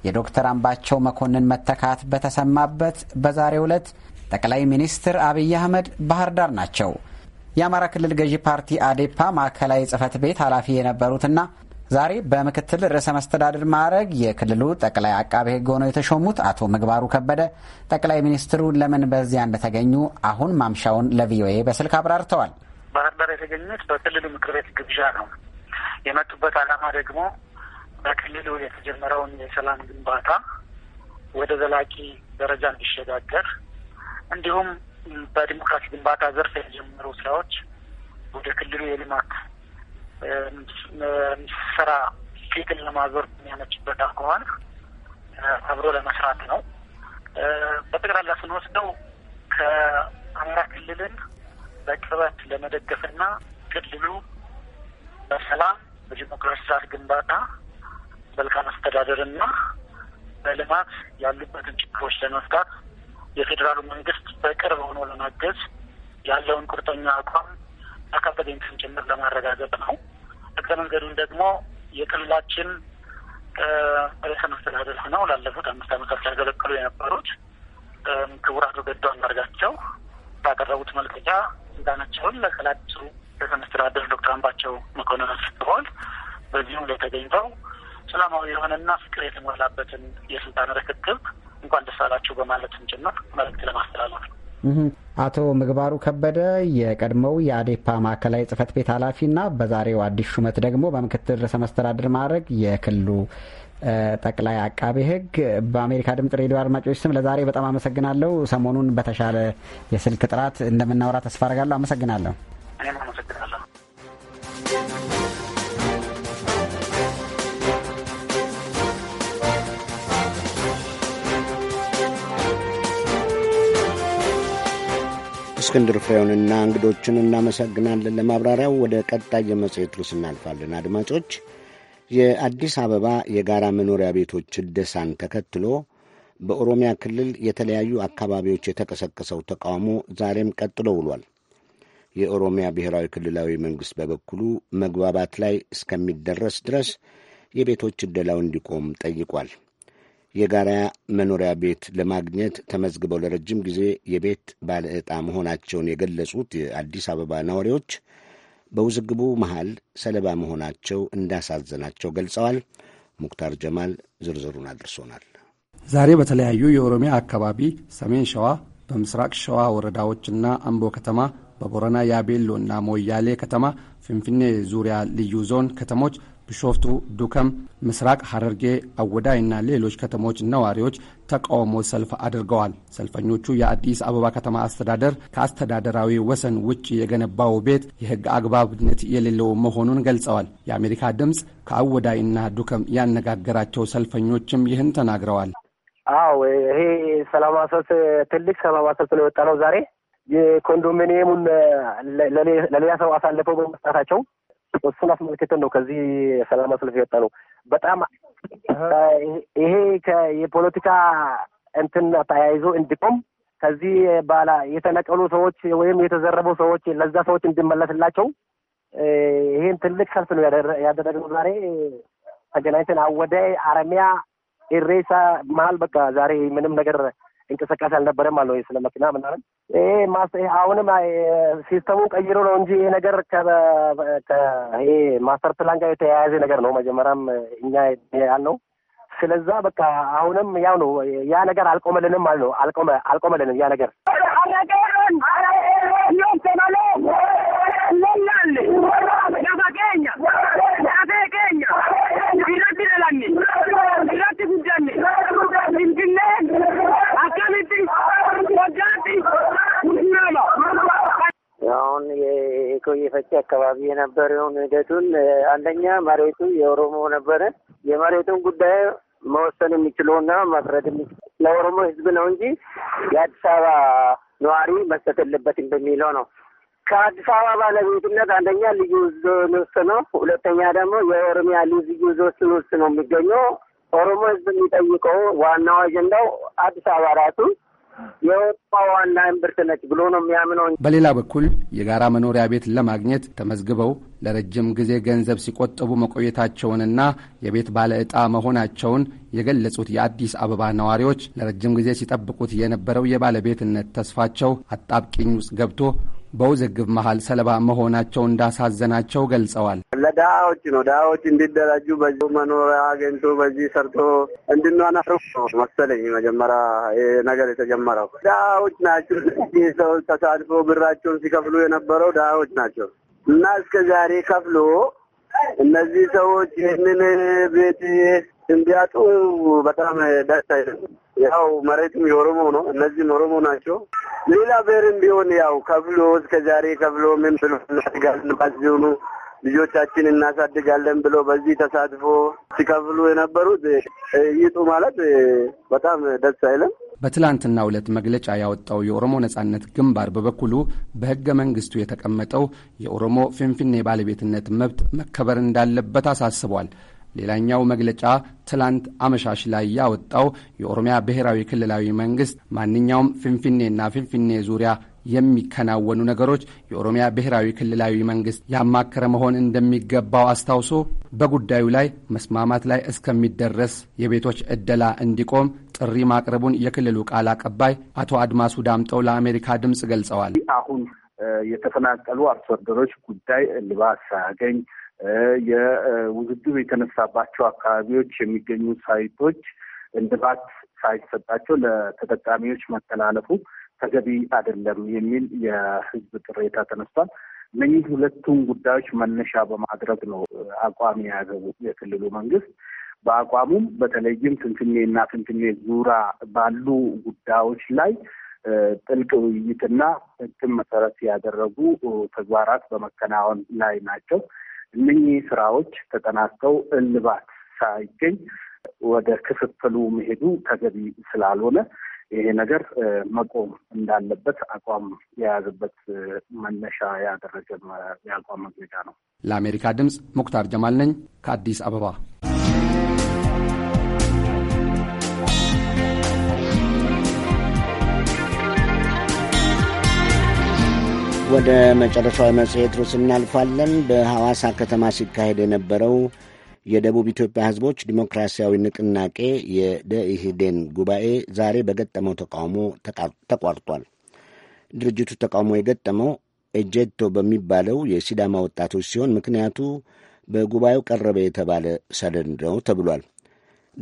የዶክተር አምባቸው መኮንን መተካት በተሰማበት በዛሬው ዕለት ጠቅላይ ሚኒስትር አብይ አህመድ ባህር ዳር ናቸው። የአማራ ክልል ገዢ ፓርቲ አዴፓ ማዕከላዊ ጽህፈት ቤት ኃላፊ የነበሩትና ዛሬ በምክትል ርዕሰ መስተዳድር ማዕረግ የክልሉ ጠቅላይ አቃቤ ሕግ ሆነው የተሾሙት አቶ ምግባሩ ከበደ ጠቅላይ ሚኒስትሩ ለምን በዚያ እንደተገኙ አሁን ማምሻውን ለቪኦኤ በስልክ አብራርተዋል። ባህር ዳር የተገኙት በክልሉ ምክር ቤት ግብዣ ነው። የመጡበት ዓላማ ደግሞ በክልሉ የተጀመረውን የሰላም ግንባታ ወደ ዘላቂ ደረጃ እንዲሸጋገር እንዲሁም በዲሞክራሲ ግንባታ ዘርፍ የተጀመሩ ስራዎች ወደ ክልሉ የልማት ስራ ፊትን ለማዞር የሚያመችበት አኳኋን አብሮ ለመስራት ነው። በጠቅላላ ስንወስደው ከአማራ ክልልን በቅርበት ለመደገፍና ክልሉ በሰላም በዲሞክራሲ ስርዓት ግንባታ፣ መልካም አስተዳደር አስተዳደርና በልማት ያሉበትን ችግሮች ለመፍታት የፌዴራሉ መንግስት በቅርብ ሆኖ ለማገዝ ያለውን ቁርጠኛ አቋም አካበደኝትን ጭምር ለማረጋገጥ ነው። ህገ መንገዱን ደግሞ የክልላችን ርዕሰ መስተዳደር ሆነው ላለፉት አምስት ዓመታት ሲያገለግሉ የነበሩት ክቡር አቶ ገዱ አንዳርጋቸው ባቀረቡት መልቀቂያ ስልጣናቸውን ለቀላጭሩ ርዕሰ መስተዳድር ዶክተር አምባቸው መኮንን ስትሆን በዚሁም ላይ ተገኝተው ሰላማዊ የሆነና ፍቅር የተሞላበትን የስልጣን ርክክብ እንኳን ደስ አላችሁ በማለትም ጭምር መልእክት ለማስተላለፍ ነው። አቶ ምግባሩ ከበደ የቀድሞው የአዴፓ ማዕከላዊ ጽህፈት ቤት ኃላፊና በዛሬው አዲስ ሹመት ደግሞ በምክትል ርዕሰ መስተዳድር ማድረግ የክልሉ ጠቅላይ አቃቤ ሕግ በአሜሪካ ድምጽ ሬዲዮ አድማጮች ስም ለዛሬ በጣም አመሰግናለሁ። ሰሞኑን በተሻለ የስልክ ጥራት እንደምናወራ ተስፋ አርጋለሁ። አመሰግናለሁ። እኔም አመሰግናለሁ። እስክንድር ፍሬውንና እንግዶችን እናመሰግናለን ለማብራሪያው። ወደ ቀጣይ የመጽሔት ርዕስ እናልፋለን። አድማጮች፣ የአዲስ አበባ የጋራ መኖሪያ ቤቶች እደሳን ተከትሎ በኦሮሚያ ክልል የተለያዩ አካባቢዎች የተቀሰቀሰው ተቃውሞ ዛሬም ቀጥሎ ውሏል። የኦሮሚያ ብሔራዊ ክልላዊ መንግሥት በበኩሉ መግባባት ላይ እስከሚደረስ ድረስ የቤቶች ዕደላው እንዲቆም ጠይቋል። የጋራ መኖሪያ ቤት ለማግኘት ተመዝግበው ለረጅም ጊዜ የቤት ባለዕጣ መሆናቸውን የገለጹት የአዲስ አበባ ነዋሪዎች በውዝግቡ መሃል ሰለባ መሆናቸው እንዳሳዘናቸው ገልጸዋል። ሙክታር ጀማል ዝርዝሩን አድርሶናል። ዛሬ በተለያዩ የኦሮሚያ አካባቢ ሰሜን ሸዋ፣ በምስራቅ ሸዋ ወረዳዎችና አምቦ ከተማ በቦረና ያቤሎ እና ሞያሌ ከተማ፣ ፍንፍኔ ዙሪያ ልዩ ዞን ከተሞች ቢሾፍቱ፣ ዱከም፣ ምስራቅ ሐረርጌ፣ አወዳይ እና ሌሎች ከተሞች ነዋሪዎች ተቃውሞ ሰልፍ አድርገዋል። ሰልፈኞቹ የአዲስ አበባ ከተማ አስተዳደር ከአስተዳደራዊ ወሰን ውጭ የገነባው ቤት የሕግ አግባብነት የሌለው መሆኑን ገልጸዋል። የአሜሪካ ድምፅ ከአወዳይ እና ዱከም ያነጋገራቸው ሰልፈኞችም ይህን ተናግረዋል። አዎ ይሄ ሰላማዊ ሰልፍ ትልቅ ሰላማዊ ሰልፍ ነው የወጣ ነው ዛሬ የኮንዶሚኒየሙን ለሌላ ሰው አሳልፈው በመስጣታቸው እሱን አስመልክተን ነው ከዚህ ሰላማዊ ሰልፍ የወጣ ነው። በጣም ይሄ የፖለቲካ እንትን ተያይዞ እንዲቆም ከዚህ በኋላ የተነቀሉ ሰዎች ወይም የተዘረቡ ሰዎች ለዛ ሰዎች እንዲመለስላቸው ይህን ትልቅ ሰልፍ ነው ያደረግነው ዛሬ ተገናኝተን አወደ አረሚያ ኢሬሳ መሀል በቃ ዛሬ ምንም ነገር እንቅስቃሴ አልነበረም አለው ስለ መኪና ምናምን ይሄ አሁንም ሲስተሙ ቀይሮ ነው እንጂ ይሄ ነገር ይሄ ማስተር ፕላን ጋር የተያያዘ ነገር ነው። መጀመሪያም እኛ ያልነው ስለዛ በቃ አሁንም ያው ነው። ያ ነገር አልቆመልንም ማለት ነው። አልቆመልንም ያ ነገር አሁን የቆየ ፈጬ አካባቢ የነበረውን ሂደቱን አንደኛ መሬቱ የኦሮሞ ነበረ። የመሬቱን ጉዳይ መወሰን የሚችለውና መፍረድ የሚችለው ለኦሮሞ ሕዝብ ነው እንጂ የአዲስ አበባ ነዋሪ መስጠት የለበትም በሚለው ነው። ከአዲስ አበባ ባለቤትነት አንደኛ ልዩ ዞን ውስጥ ነው፣ ሁለተኛ ደግሞ የኦሮሚያ ልዩ ዞን ውስጥ ነው የሚገኘው። ኦሮሞ ሕዝብ የሚጠይቀው ዋናው አጀንዳው አዲስ አበባ ራሱ የወጣው አንድ እምብርት ነች ብሎ ነው የሚያምነው። በሌላ በኩል የጋራ መኖሪያ ቤት ለማግኘት ተመዝግበው ለረጅም ጊዜ ገንዘብ ሲቆጥቡ መቆየታቸውንና የቤት ባለ ዕጣ መሆናቸውን የገለጹት የአዲስ አበባ ነዋሪዎች ለረጅም ጊዜ ሲጠብቁት የነበረው የባለቤትነት ተስፋቸው አጣብቂኝ ውስጥ ገብቶ በውዝግብ መሀል ሰለባ መሆናቸው እንዳሳዘናቸው ገልጸዋል። ለዳዎች ነው። ዳዎች እንዲደራጁ በዚ መኖሪያ አገኝቶ በዚህ ሰርቶ እንድንናፍር መሰለኝ መጀመሪያ ነገር የተጀመረው ዳዎች ናቸው። ሰው ተሳትፎ ብራቸውን ሲከፍሉ የነበረው ዳዎች ናቸው እና እስከ ዛሬ ከፍሎ እነዚህ ሰዎች ይህንን ቤት እንዲያጡ በጣም ደስ አይ። ያው መሬትም የኦሮሞ ነው፣ እነዚህም ኦሮሞ ናቸው። ሌላ ብሔርም ቢሆን ያው ከፍሎ ዛሬ ከፍሎ ምን ብሎ እናድጋለን ባዚሆኑ ልጆቻችን እናሳድጋለን ብሎ በዚህ ተሳትፎ ሲከፍሉ የነበሩት ይጡ ማለት በጣም ደስ አይለም። በትላንትና ዕለት መግለጫ ያወጣው የኦሮሞ ነጻነት ግንባር በበኩሉ በሕገ መንግስቱ የተቀመጠው የኦሮሞ ፊንፊኔ ባለቤትነት መብት መከበር እንዳለበት አሳስቧል። ሌላኛው መግለጫ ትላንት አመሻሽ ላይ ያወጣው የኦሮሚያ ብሔራዊ ክልላዊ መንግስት ማንኛውም ፊንፊኔና ፊንፊኔ ዙሪያ የሚከናወኑ ነገሮች የኦሮሚያ ብሔራዊ ክልላዊ መንግስት ያማከረ መሆን እንደሚገባው አስታውሶ በጉዳዩ ላይ መስማማት ላይ እስከሚደረስ የቤቶች ዕደላ እንዲቆም ጥሪ ማቅረቡን የክልሉ ቃል አቀባይ አቶ አድማሱ ዳምጠው ለአሜሪካ ድምፅ ገልጸዋል። አሁን የተፈናቀሉ አርሶ አደሮች ጉዳይ እልባት ሳያገኝ የውዝግብ የተነሳባቸው አካባቢዎች የሚገኙ ሳይቶች እንድባት ሳይሰጣቸው ለተጠቃሚዎች መተላለፉ ተገቢ አይደለም የሚል የህዝብ ቅሬታ ተነስቷል። እነዚህ ሁለቱም ጉዳዮች መነሻ በማድረግ ነው አቋም የያዘው የክልሉ መንግስት። በአቋሙም በተለይም ፍንፍኔ እና ፍንፍኔ ዙራ ባሉ ጉዳዮች ላይ ጥልቅ ውይይትና ህግን መሰረት ያደረጉ ተግባራት በመከናወን ላይ ናቸው። እነኚህ ስራዎች ተጠናቀው እልባት ሳይገኝ ወደ ክፍፍሉ መሄዱ ተገቢ ስላልሆነ ይሄ ነገር መቆም እንዳለበት አቋም የያዘበት መነሻ ያደረገ የአቋም መግለጫ ነው። ለአሜሪካ ድምፅ ሙክታር ጀማል ነኝ ከአዲስ አበባ። ወደ መጨረሻው መጽሔት ሩስ እናልፋለን። በሐዋሳ ከተማ ሲካሄድ የነበረው የደቡብ ኢትዮጵያ ሕዝቦች ዲሞክራሲያዊ ንቅናቄ የደኢህዴን ጉባኤ ዛሬ በገጠመው ተቃውሞ ተቋርጧል። ድርጅቱ ተቃውሞ የገጠመው ኤጀቶ በሚባለው የሲዳማ ወጣቶች ሲሆን ምክንያቱ በጉባኤው ቀረበ የተባለ ሰደድ ነው ተብሏል።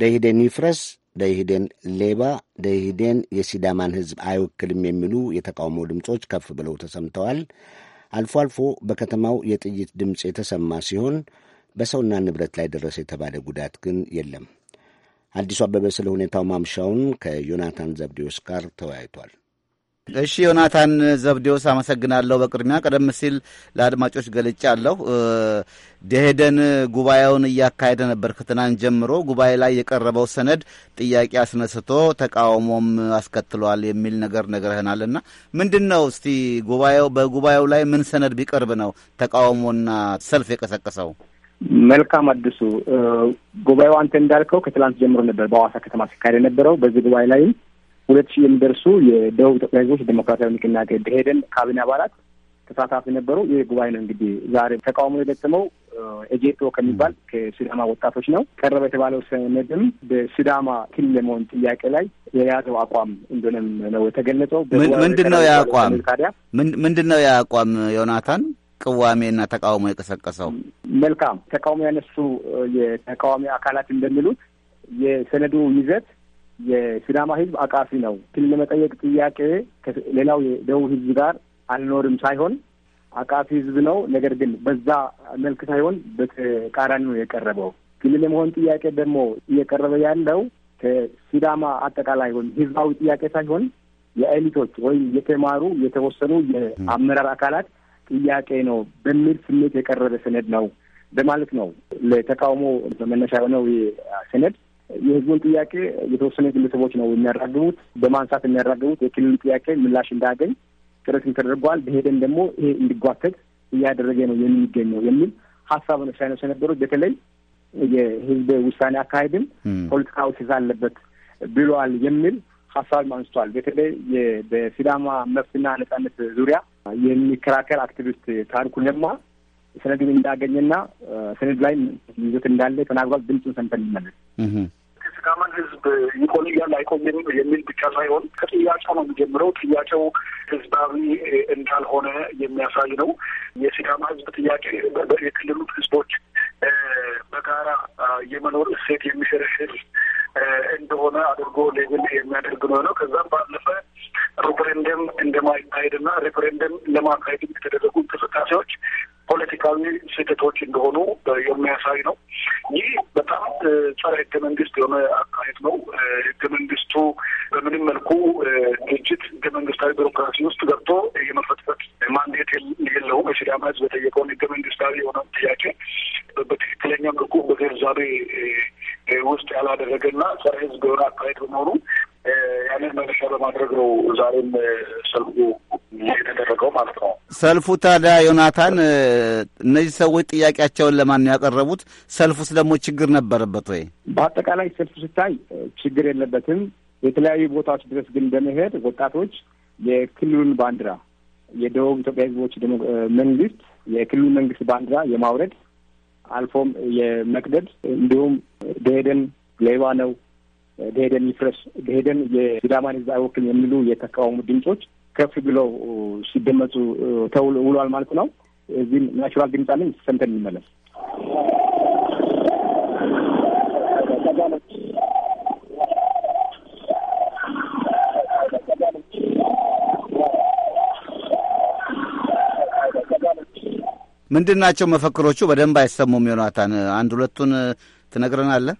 ደኢህዴን ይፍረስ፣ ደኢህዴን ሌባ፣ ደኢህዴን የሲዳማን ህዝብ አይወክልም የሚሉ የተቃውሞ ድምፆች ከፍ ብለው ተሰምተዋል። አልፎ አልፎ በከተማው የጥይት ድምፅ የተሰማ ሲሆን በሰውና ንብረት ላይ ደረሰ የተባለ ጉዳት ግን የለም። አዲሱ አበበ ስለ ሁኔታው ማምሻውን ከዮናታን ዘብዴዎስ ጋር ተወያይቷል። እሺ ዮናታን ዘብዴዎስ አመሰግናለሁ። በቅድሚያ ቀደም ሲል ለአድማጮች ገልጫ አለሁ። ደሄደን ጉባኤውን እያካሄደ ነበር ከትናንት ጀምሮ። ጉባኤ ላይ የቀረበው ሰነድ ጥያቄ አስነስቶ ተቃውሞም አስከትሏል የሚል ነገር ነግረህናል እና ምንድን ነው እስቲ ጉባኤው በጉባኤው ላይ ምን ሰነድ ቢቀርብ ነው ተቃውሞና ሰልፍ የቀሰቀሰው? መልካም አዲሱ ጉባኤው አንተ እንዳልከው ከትላንት ጀምሮ ነበር በሐዋሳ ከተማ ሲካሄድ የነበረው። በዚህ ጉባኤ ላይም ሁለት ሺህ የሚደርሱ የደቡብ ኢትዮጵያ ህዝቦች ዴሞክራሲያዊ ንቅናቄ ብሄደን ካቢኔ አባላት ተሳታፊ ነበሩ። ይህ ጉባኤ ነው እንግዲህ ዛሬ ተቃውሞ የገጠመው ኤጄቶ ከሚባል ከሲዳማ ወጣቶች ነው። ቀረበ የተባለው ሰነድም በሲዳማ ክልል ለመሆን ጥያቄ ላይ የያዘው አቋም እንደሆነም ነው የተገለጸው። ምንድን ነው የአቋም ታዲያ ምንድን ነው የአቋም ዮናታን? ቅዋሜና ተቃውሞ የቀሰቀሰው መልካም ተቃውሞ ያነሱ የተቃዋሚ አካላት እንደሚሉት የሰነዱ ይዘት የሲዳማ ህዝብ አቃፊ ነው። ክልል ለመጠየቅ ጥያቄ ሌላው የደቡብ ህዝብ ጋር አልኖርም ሳይሆን አቃፊ ህዝብ ነው። ነገር ግን በዛ መልክ ሳይሆን በተቃራኒ ነው የቀረበው። ክልል የመሆን ጥያቄ ደግሞ እየቀረበ ያለው ከሲዳማ አጠቃላይ ወይም ህዝባዊ ጥያቄ ሳይሆን የኤሊቶች ወይም የተማሩ የተወሰኑ የአመራር አካላት ጥያቄ ነው በሚል ስሜት የቀረበ ሰነድ ነው በማለት ነው ለተቃውሞ መነሻ የሆነው ሰነድ የህዝቡን ጥያቄ የተወሰኑ ግለሰቦች ነው የሚያራግቡት፣ በማንሳት የሚያራግቡት የክልሉ ጥያቄ ምላሽ እንዳያገኝ ጥረትም ተደርጓል። በሄደን ደግሞ ይሄ እንዲጓተት እያደረገ ነው የሚገኘው የሚል ሀሳብ ነው ሳይነሱ የነበሩት። በተለይ የህዝብ ውሳኔ አካሄድም ፖለቲካዊ ስዛ አለበት ብሏል የሚል ሀሳብም አንስቷል። በተለይ በሲዳማ መብትና ነጻነት ዙሪያ የሚከራከር አክቲቪስት ታሪኩ ለማ ሰነዱን እንዳገኘና ሰነድ ላይ ይዞት እንዳለ ተናግሯል። ድምፁን ሰምተን ይመለስ የስጋማን ህዝብ ይቆያል አይቆይም የሚል ብቻ ሳይሆን ከጥያቄው ነው የሚጀምረው። ጥያቄው ህዝባዊ እንዳልሆነ የሚያሳይ ነው። የስጋማ ህዝብ ጥያቄ የክልሉ ህዝቦች በጋራ የመኖር እሴት የሚሸረሽር እንደሆነ አድርጎ ሌብል የሚያደርግ ነው ነው። ከዛም ባለፈ ሬፈረንደም እንደማይካሄድና ሬፈረንደም ለማካሄድ የተደረጉ እንቅስቃሴዎች ፖለቲካዊ ስህተቶች እንደሆኑ የሚያሳይ ነው። ይህ በጣም ጸረ ህገ መንግስት የሆነ አካሄድ ነው። ህገ መንግስቱ በምንም መልኩ ድርጅት ህገ መንግስታዊ ቢሮክራሲ ውስጥ ገብቶ የመፈትፈት ማንዴት የለውም። የሲዳማ ህዝብ የጠየቀውን ህገ መንግስታዊ የሆነ ጥያቄ በትክክለኛ መልኩ በገንዛቤ ውስጥ ያላደረገና ጸረ ህዝብ የሆነ አካሄድ በመሆኑ ያንን መነሻ በማድረግ ነው ዛሬም ሰልፉ የተደረገው ማለት ነው። ሰልፉ ታዲያ ዮናታን፣ እነዚህ ሰዎች ጥያቄያቸውን ለማን ነው ያቀረቡት? ሰልፉስ ደግሞ ችግር ነበረበት ወይ? በአጠቃላይ ሰልፉ ሲታይ ችግር የለበትም። የተለያዩ ቦታዎች ድረስ ግን በመሄድ ወጣቶች የክልሉን ባንዲራ የደቡብ ኢትዮጵያ ሕዝቦች መንግስት የክልሉ መንግስት ባንዲራ የማውረድ አልፎም የመቅደድ እንዲሁም ደሄደን ሌባ ነው፣ ደሄደን ይፍረስ፣ ደሄደን የሲዳማን ሕዝብ አይወክልም የሚሉ የተቃውሙ ድምጾች ከፍ ብለው ሲደመጡ ተውሏል ማለት ነው። እዚህም ናቹራል ድምፅ አለኝ ሰምተን እንመለስ። ምንድን ናቸው መፈክሮቹ? በደንብ አይሰሙም። ዮናታን አንድ ሁለቱን ትነግረናለህ?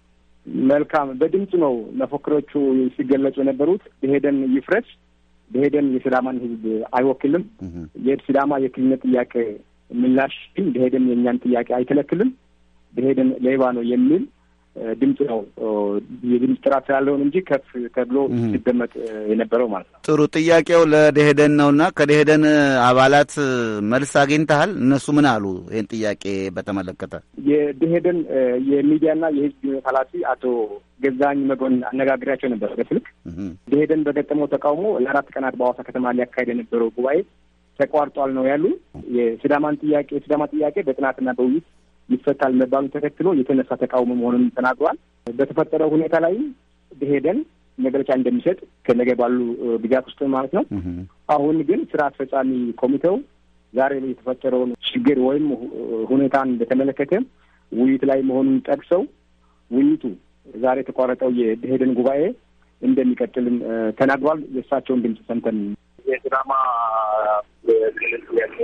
መልካም። በድምፅ ነው መፈክሮቹ ሲገለጹ የነበሩት የሄደን ይፍረስ በሄደን የሲዳማን ህዝብ አይወክልም። የሲዳማ የክልልነት ጥያቄ ምላሽ ግን በሄደን የእኛን ጥያቄ አይከለክልም። በሄደን ሌባ ነው የሚል ድምፅ ነው የድምፅ ጥራት ስላለውን እንጂ ከፍ ተብሎ ሲደመጥ የነበረው ማለት ነው። ጥሩ ጥያቄው ለደሄደን ነውና ከደሄደን አባላት መልስ አግኝተሃል? እነሱ ምን አሉ? ይህን ጥያቄ በተመለከተ የደሄደን የሚዲያና የህዝብ ኃላፊ አቶ ገዛኝ መጎን አነጋግሪያቸው ነበር በስልክ። ደሄደን በገጠመው ተቃውሞ ለአራት ቀናት በሐዋሳ ከተማ ሊያካሄድ የነበረው ጉባኤ ተቋርጧል ነው ያሉ። የስዳማን ጥያቄ የስዳማ ጥያቄ በጥናትና በውይይት ይፈታል መባሉን ተከትሎ የተነሳ ተቃውሞ መሆኑን ተናግሯል። በተፈጠረው ሁኔታ ላይ ብሄደን መግለጫ እንደሚሰጥ ከነገ ባሉ ጊዜያት ውስጥ ማለት ነው። አሁን ግን ስራ አስፈጻሚ ኮሚቴው ዛሬ የተፈጠረውን ችግር ወይም ሁኔታን በተመለከተ ውይይት ላይ መሆኑን ጠቅሰው ውይይቱ ዛሬ የተቋረጠው የደኢህዴን ጉባኤ እንደሚቀጥልም ተናግሯል። የእሳቸውን ድምፅ ሰምተን የድራማ ክልል ጥያቄ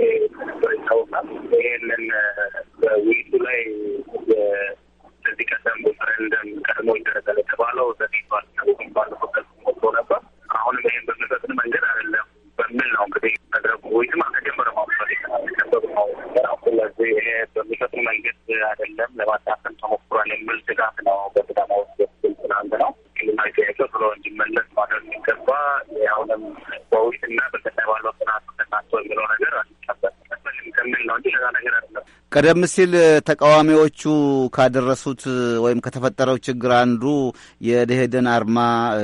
ይታወቃል። ይህንን በውይይቱ ላይ ከዚህ ቀደም ሪፈረንደም ቀድሞ ይደረጋል የተባለው ዘዴ ባልታወቅም ባለፈው ሞቶ ነበር። አሁንም ይህን በሚፈትን መንገድ አይደለም በሚል ነው እንግዲህ መድረኩ ውይይትም አልተጀመረም። ስለዚህ ይሄ በሚፈጥሩ መንገድ አይደለም ለማሳፈን ተሞክሯል የሚል ስጋት ነው በስዳማ ውስጥ ትናንት ነው ክልላዊ ጥያቄ ብሎ እንዲመለስ ማድረግ የሚገባ አሁንም በውይይትና በቀጣይ ባለው ጥናት ተናቶ የሚለው ነገር አልጨበጥም። ከሚል ነው እንጂ ሌላ ነገር አይደለም። ቀደም ሲል ተቃዋሚዎቹ ካደረሱት ወይም ከተፈጠረው ችግር አንዱ የደሄደን አርማ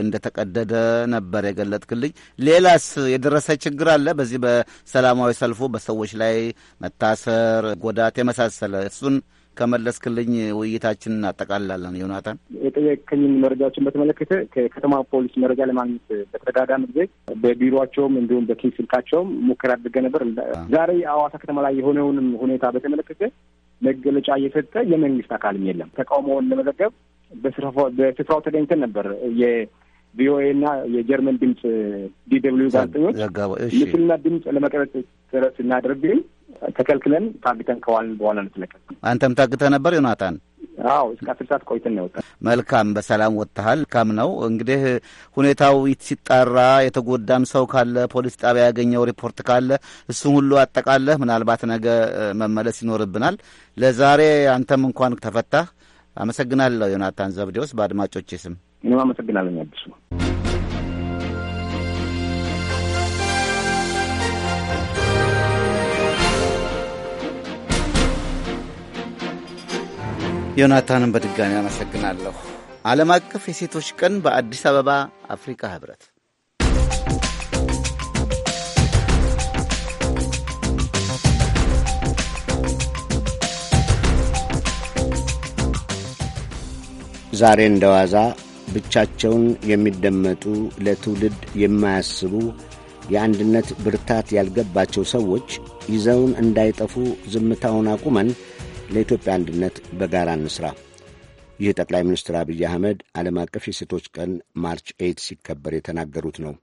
እንደተቀደደ ነበር የገለጥክልኝ። ሌላስ የደረሰ ችግር አለ? በዚህ በሰላማዊ ሰልፉ በሰዎች ላይ መታሰር፣ ጎዳት የመሳሰለ እሱን ከመለስክልኝ ውይይታችን እናጠቃላለን። ዮናታን የጠየቀኝን መረጃዎችን በተመለከተ ከከተማ ፖሊስ መረጃ ለማግኘት በተደጋጋሚ ጊዜ በቢሮቸውም እንዲሁም በኪን ስልካቸውም ሙከራ አድርገ ነበር። ዛሬ አዋሳ ከተማ ላይ የሆነውንም ሁኔታ በተመለከተ መገለጫ እየሰጠ የመንግስት አካልም የለም። ተቃውሞውን ለመዘገብ በስፍራው ተገኝተን ነበር የቪኦኤና የጀርመን ድምፅ ዲደብሊዩ ጋዜጠኞች ምስልና ድምፅ ለመቅረጽ ጥረት ግን ተከልክለን ታግተን ከዋልን በኋላ ነው የተለቀቅን። አንተም ታግተ ነበር ዮናታን? አዎ እስከ አስር ሰዓት ቆይተን ነው የወጣን። መልካም በሰላም ወጥተሃል። መልካም ነው እንግዲህ ሁኔታው ሲጣራ የተጎዳም ሰው ካለ ፖሊስ ጣቢያ ያገኘው ሪፖርት ካለ እሱን ሁሉ አጠቃለህ ምናልባት ነገ መመለስ ይኖርብናል። ለዛሬ አንተም እንኳን ተፈታህ። አመሰግናለሁ ዮናታን ዘብዴዎስ በአድማጮች ስም እኔም አመሰግናለኝ አዲሱ ዮናታንን በድጋሚ አመሰግናለሁ። ዓለም አቀፍ የሴቶች ቀን በአዲስ አበባ አፍሪካ ህብረት ዛሬ እንደ ዋዛ ብቻቸውን የሚደመጡ ለትውልድ የማያስቡ የአንድነት ብርታት ያልገባቸው ሰዎች ይዘውን እንዳይጠፉ ዝምታውን አቁመን ለኢትዮጵያ አንድነት በጋራ እንስራ። ይህ ጠቅላይ ሚኒስትር አብይ አህመድ ዓለም አቀፍ የሴቶች ቀን ማርች ኤይት ሲከበር የተናገሩት ነው።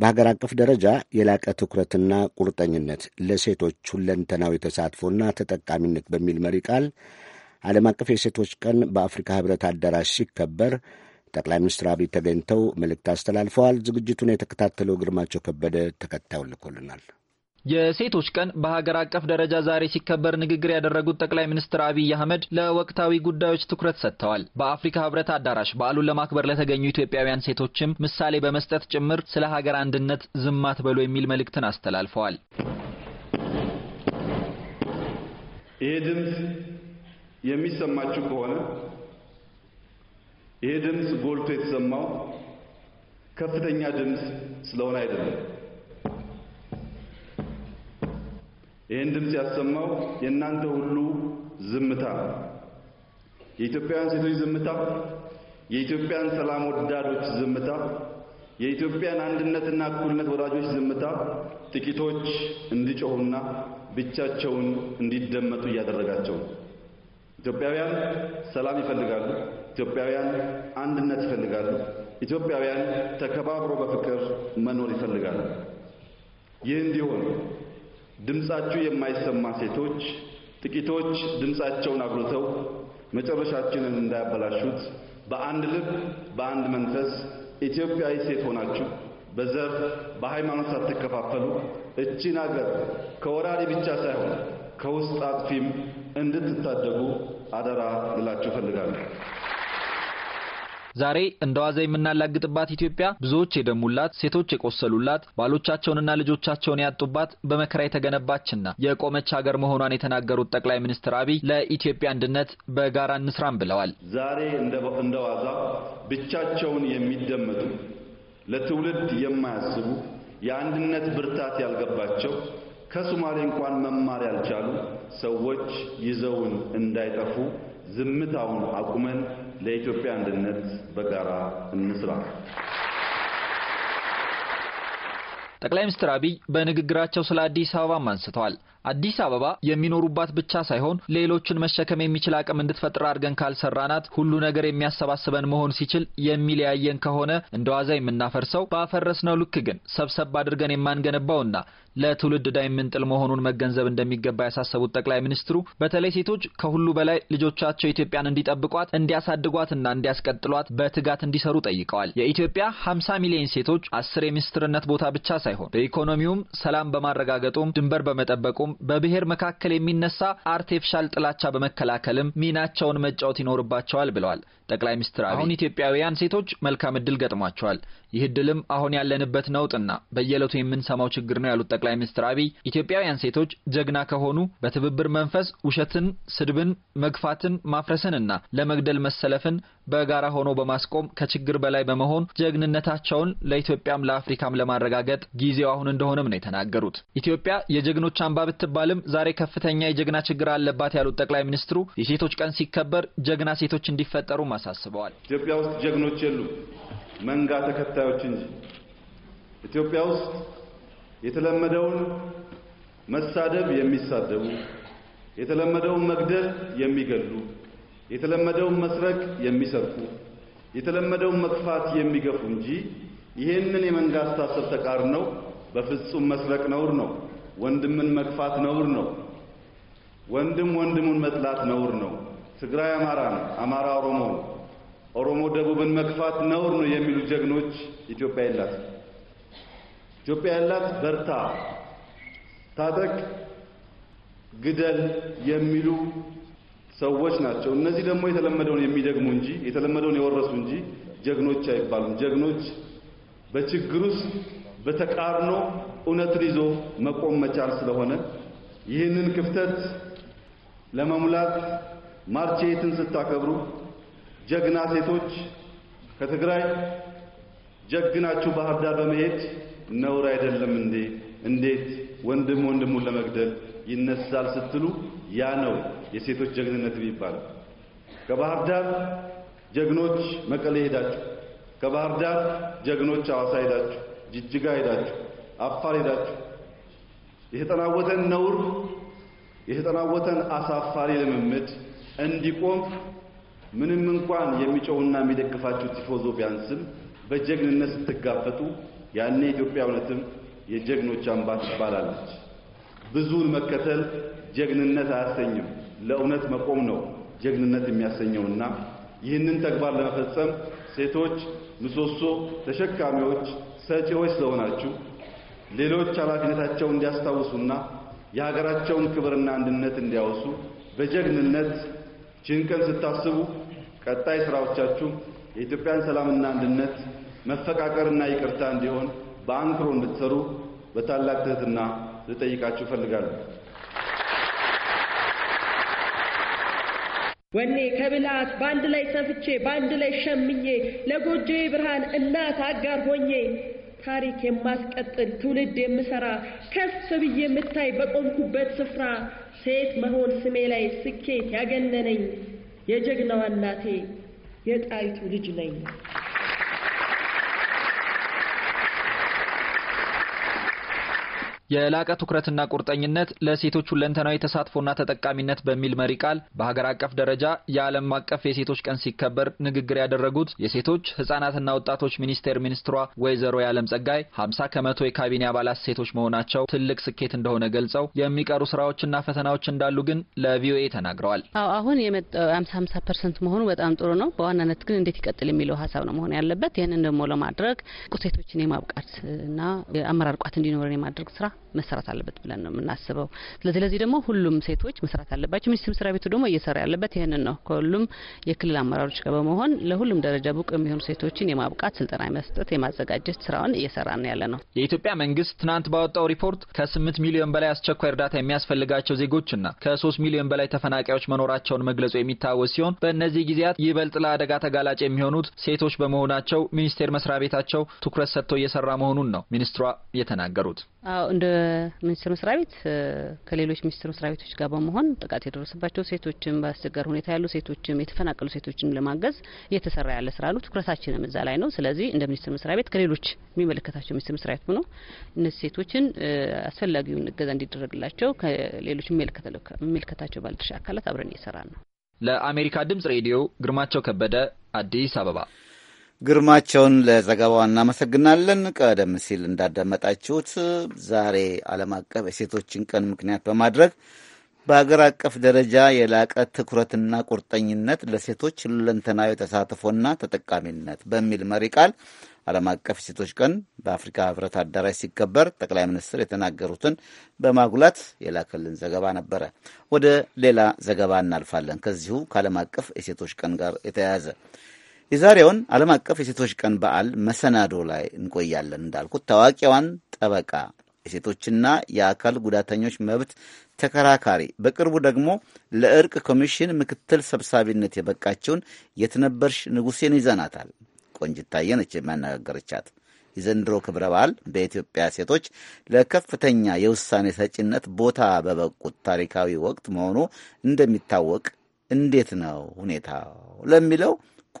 በሀገር አቀፍ ደረጃ የላቀ ትኩረትና ቁርጠኝነት ለሴቶች ሁለንተናዊ ተሳትፎና ተጠቃሚነት በሚል መሪ ቃል ዓለም አቀፍ የሴቶች ቀን በአፍሪካ ህብረት አዳራሽ ሲከበር ጠቅላይ ሚኒስትር አብይ ተገኝተው መልእክት አስተላልፈዋል። ዝግጅቱን የተከታተለው ግርማቸው ከበደ ተከታዩን ልኮልናል። የሴቶች ቀን በሀገር አቀፍ ደረጃ ዛሬ ሲከበር ንግግር ያደረጉት ጠቅላይ ሚኒስትር አብይ አህመድ ለወቅታዊ ጉዳዮች ትኩረት ሰጥተዋል። በአፍሪካ ህብረት አዳራሽ በዓሉን ለማክበር ለተገኙ ኢትዮጵያውያን ሴቶችም ምሳሌ በመስጠት ጭምር ስለ ሀገር አንድነት ዝም አትበሉ የሚል መልእክትን አስተላልፈዋል። ይሄ ድምፅ የሚሰማችሁ ከሆነ ይሄ ድምፅ ጎልቶ የተሰማው ከፍተኛ ድምፅ ስለሆነ አይደለም ይህን ድምፅ ያሰማው የእናንተ ሁሉ ዝምታ የኢትዮጵያውያን ሴቶች ዝምታ፣ የኢትዮጵያን ሰላም ወዳዶች ዝምታ፣ የኢትዮጵያን አንድነትና እኩልነት ወዳጆች ዝምታ ጥቂቶች እንዲጮሁና ብቻቸውን እንዲደመጡ እያደረጋቸው ነው። ኢትዮጵያውያን ሰላም ይፈልጋሉ። ኢትዮጵያውያን አንድነት ይፈልጋሉ። ኢትዮጵያውያን ተከባብሮ በፍቅር መኖር ይፈልጋሉ። ይህ እንዲሆን ድምፃችሁ የማይሰማ ሴቶች ጥቂቶች ድምፃቸውን አጉልተው መጨረሻችንን እንዳያበላሹት በአንድ ልብ በአንድ መንፈስ ኢትዮጵያዊ ሴት ሆናችሁ በዘር በሃይማኖት ሳትከፋፈሉ እቺን አገር ከወራሪ ብቻ ሳይሆን ከውስጥ አጥፊም እንድትታደጉ አደራ ልላችሁ እፈልጋለሁ። ዛሬ እንደ ዋዛ የምናላግጥባት ኢትዮጵያ ብዙዎች የደሙላት፣ ሴቶች የቆሰሉላት፣ ባሎቻቸውንና ልጆቻቸውን ያጡባት በመከራ የተገነባችና የቆመች ሀገር መሆኗን የተናገሩት ጠቅላይ ሚኒስትር አብይ ለኢትዮጵያ አንድነት በጋራ እንስራም ብለዋል። ዛሬ እንደ ዋዛ ብቻቸውን የሚደመጡ ለትውልድ የማያስቡ የአንድነት ብርታት ያልገባቸው ከሶማሌ እንኳን መማር ያልቻሉ ሰዎች ይዘውን እንዳይጠፉ ዝምታውን አቁመን ለኢትዮጵያ አንድነት በጋራ እንስራ። ጠቅላይ ሚኒስትር አብይ በንግግራቸው ስለ አዲስ አበባም አንስተዋል። አዲስ አበባ የሚኖሩባት ብቻ ሳይሆን ሌሎችን መሸከም የሚችል አቅም እንድትፈጥር አድርገን ካልሰራናት ሁሉ ነገር የሚያሰባስበን መሆን ሲችል የሚለያየን ከሆነ እንደ ዋዛ የምናፈርሰው ባፈረስነው ልክ ግን ሰብሰብ አድርገን የማንገነባውና ለትውልድ ዕዳ የምንጥል መሆኑን መገንዘብ እንደሚገባ ያሳሰቡት ጠቅላይ ሚኒስትሩ በተለይ ሴቶች ከሁሉ በላይ ልጆቻቸው ኢትዮጵያን እንዲጠብቋት እንዲያሳድጓትና እንዲያስቀጥሏት በትጋት እንዲሰሩ ጠይቀዋል። የኢትዮጵያ 50 ሚሊዮን ሴቶች አስር የሚኒስትርነት ቦታ ብቻ ሳይሆን በኢኮኖሚውም ሰላም በማረጋገጡም ድንበር በመጠበቁም በብሔር መካከል የሚነሳ አርቴፊሻል ጥላቻ በመከላከልም ሚናቸውን መጫወት ይኖርባቸዋል ብለዋል ጠቅላይ ሚኒስትር አብይ። አሁን ኢትዮጵያውያን ሴቶች መልካም እድል ገጥሟቸዋል። ይህ ድልም አሁን ያለንበት ነውጥና በየለቱ የምንሰማው ችግር ነው ያሉት ጠቅላይ ሚኒስትር አብይ ኢትዮጵያውያን ሴቶች ጀግና ከሆኑ በትብብር መንፈስ ውሸትን፣ ስድብን፣ መግፋትን፣ ማፍረስንና ለመግደል መሰለፍን በጋራ ሆኖ በማስቆም ከችግር በላይ በመሆን ጀግንነታቸውን ለኢትዮጵያም ለአፍሪካም ለማረጋገጥ ጊዜው አሁን እንደሆነም ነው የተናገሩት። ኢትዮጵያ የጀግኖች አምባ ብትባልም ዛሬ ከፍተኛ የጀግና ችግር አለባት ያሉት ጠቅላይ ሚኒስትሩ የሴቶች ቀን ሲከበር ጀግና ሴቶች እንዲፈጠሩም አሳስበዋል። ኢትዮጵያ ውስጥ ጀግኖች የሉ መንጋ ተከተ ተከታዮች እንጂ ኢትዮጵያ ውስጥ የተለመደውን መሳደብ የሚሳደቡ፣ የተለመደውን መግደል የሚገሉ፣ የተለመደውን መስረቅ የሚሰርቁ፣ የተለመደውን መክፋት የሚገፉ እንጂ ይሄንን የመንጋ አስተሳሰብ ነው በፍጹም መስረቅ ነውር ነው። ወንድምን መክፋት ነውር ነው። ወንድም ወንድሙን መጥላት ነውር ነው። ትግራይ አማራ ነው፣ አማራ ኦሮሞ ነው። ኦሮሞ ደቡብን መግፋት ነውር ነው የሚሉ ጀግኖች ኢትዮጵያ የላት። ኢትዮጵያ ያላት በርታ፣ ታጠቅ፣ ግደል የሚሉ ሰዎች ናቸው። እነዚህ ደግሞ የተለመደውን የሚደግሙ እንጂ የተለመደውን የወረሱ እንጂ ጀግኖች አይባሉም። ጀግኖች በችግር ውስጥ በተቃርኖ እውነትን ይዞ መቆም መቻል ስለሆነ ይህንን ክፍተት ለመሙላት ማርቼትን ስታከብሩ ጀግና ሴቶች ከትግራይ ጀግናችሁ ባህር ዳር በመሄድ ነውር አይደለም እንዴ? እንዴት ወንድም ወንድሙን ለመግደል ይነሳል ስትሉ፣ ያ ነው የሴቶች ጀግንነት የሚባለው። ከባህር ዳር ጀግኖች መቀሌ ሄዳችሁ፣ ከባህር ዳር ጀግኖች አዋሳ ሄዳችሁ፣ ጅጅጋ ሄዳችሁ፣ አፋር ሄዳችሁ የተጠናወተን ነውር የተጠናወተን አሳፋሪ ልምምድ እንዲቆም ምንም እንኳን የሚጮውና የሚደግፋችሁ ቲፎዞ ቢያንስም በጀግንነት ስትጋፈጡ ያኔ ኢትዮጵያ እውነትም የጀግኖች አምባ ትባላለች። ብዙውን መከተል ጀግንነት አያሰኝም። ለእውነት መቆም ነው ጀግንነት የሚያሰኘውና ይህንን ተግባር ለመፈጸም ሴቶች ምሰሶ ተሸካሚዎች፣ ሰጪዎች ስለሆናችሁ ሌሎች ኃላፊነታቸውን እንዲያስታውሱና የሀገራቸውን ክብርና አንድነት እንዲያወሱ በጀግንነት ይህን ቀን ስታስቡ ቀጣይ ስራዎቻችሁ የኢትዮጵያን ሰላምና አንድነት መፈቃቀርና ይቅርታ እንዲሆን በአንክሮ እንድትሰሩ በታላቅ ትህትና ልጠይቃችሁ እፈልጋለሁ። ወኔ ከብላት በአንድ ላይ ሰፍቼ በአንድ ላይ ሸምኜ ለጎጆዬ ብርሃን እናት አጋር ሆኜ ታሪክ የማስቀጥል ትውልድ የምሰራ ከፍ ብዬ የምታይ በቆምኩበት ስፍራ ሴት መሆን ስሜ ላይ ስኬት ያገነነኝ የጀግናዋ እናቴ የጣይቱ ልጅ ነኝ። የላቀ ትኩረትና ቁርጠኝነት ለሴቶች ሁለንተናዊ ተሳትፎና ተጠቃሚነት በሚል መሪ ቃል በሀገር አቀፍ ደረጃ የዓለም አቀፍ የሴቶች ቀን ሲከበር ንግግር ያደረጉት የሴቶች ህጻናትና ወጣቶች ሚኒስቴር ሚኒስትሯ ወይዘሮ የዓለም ጸጋይ ሀምሳ ከመቶ የካቢኔ አባላት ሴቶች መሆናቸው ትልቅ ስኬት እንደሆነ ገልጸው የሚቀሩ ስራዎችና ፈተናዎች እንዳሉ ግን ለቪኦኤ ተናግረዋል። አሁን የመጣው ሀምሳ ሀምሳ ፐርሰንት መሆኑ በጣም ጥሩ ነው። በዋናነት ግን እንዴት ይቀጥል የሚለው ሀሳብ ነው መሆን ያለበት። ይህንን ደግሞ ለማድረግ ቁሴቶችን የማብቃት እና የአመራር ቋት እንዲኖረን የማድረግ ስራ መሰራት አለበት ብለን ነው የምናስበው። ስለዚህ ለዚህ ደግሞ ሁሉም ሴቶች መስራት አለባቸው። ሚኒስቴር መስሪያ ቤቱ ደግሞ እየሰራ ያለበት ይህንን ነው። ከሁሉም የክልል አመራሮች ጋር በመሆን ለሁሉም ደረጃ ብቁ የሚሆኑ ሴቶችን የማብቃት ስልጠና መስጠት፣ የማዘጋጀት ስራውን እየሰራ ነው ያለ ነው። የኢትዮጵያ መንግስት ትናንት ባወጣው ሪፖርት ከስምንት ሚሊዮን በላይ አስቸኳይ እርዳታ የሚያስፈልጋቸው ዜጎችና ከሶስት ሚሊዮን በላይ ተፈናቃዮች መኖራቸውን መግለጹ የሚታወስ ሲሆን በእነዚህ ጊዜያት ይበልጥ ለአደጋ ተጋላጭ የሚሆኑት ሴቶች በመሆናቸው ሚኒስቴር መስሪያ ቤታቸው ትኩረት ሰጥቶ እየሰራ መሆኑን ነው ሚኒስትሯ የተናገሩት። አዎ እንደ በሚኒስቴር መስሪያ ቤት ከሌሎች ሚኒስትር መስሪያ ቤቶች ጋር በመሆን ጥቃት የደረሰባቸው ሴቶችን በአስቸጋሪ ሁኔታ ያሉ ሴቶችም የተፈናቀሉ ሴቶችን ለማገዝ እየተሰራ ያለ ስራ ነው። ትኩረታችንም እዛ ላይ ነው። ስለዚህ እንደ ሚኒስቴር መስሪያ ቤት ከሌሎች የሚመለከታቸው ሚኒስቴር መስሪያ ቤት ሆኖ እነዚህ ሴቶችን አስፈላጊውን እገዛ እንዲደረግላቸው ከሌሎች የሚመለከታቸው ባለድርሻ አካላት አብረን እየሰራ ነው። ለአሜሪካ ድምጽ ሬዲዮ ግርማቸው ከበደ አዲስ አበባ ግርማቸውን ለዘገባው እናመሰግናለን። ቀደም ሲል እንዳዳመጣችሁት ዛሬ ዓለም አቀፍ የሴቶችን ቀን ምክንያት በማድረግ በአገር አቀፍ ደረጃ የላቀ ትኩረትና ቁርጠኝነት ለሴቶች ሁለንተናዊ ተሳትፎና ተጠቃሚነት በሚል መሪ ቃል ዓለም አቀፍ የሴቶች ቀን በአፍሪካ ሕብረት አዳራሽ ሲከበር ጠቅላይ ሚኒስትር የተናገሩትን በማጉላት የላከልን ዘገባ ነበረ። ወደ ሌላ ዘገባ እናልፋለን። ከዚሁ ከዓለም አቀፍ የሴቶች ቀን ጋር የተያያዘ የዛሬውን ዓለም አቀፍ የሴቶች ቀን በዓል መሰናዶ ላይ እንቆያለን። እንዳልኩት ታዋቂዋን ጠበቃ የሴቶችና የአካል ጉዳተኞች መብት ተከራካሪ በቅርቡ ደግሞ ለእርቅ ኮሚሽን ምክትል ሰብሳቢነት የበቃችውን የትነበርሽ ንጉሴን ይዘናታል። ቆንጅታዬ ነች የሚያነጋገረቻት። የዘንድሮ ክብረ በዓል በኢትዮጵያ ሴቶች ለከፍተኛ የውሳኔ ሰጪነት ቦታ በበቁት ታሪካዊ ወቅት መሆኑ እንደሚታወቅ እንዴት ነው ሁኔታው ለሚለው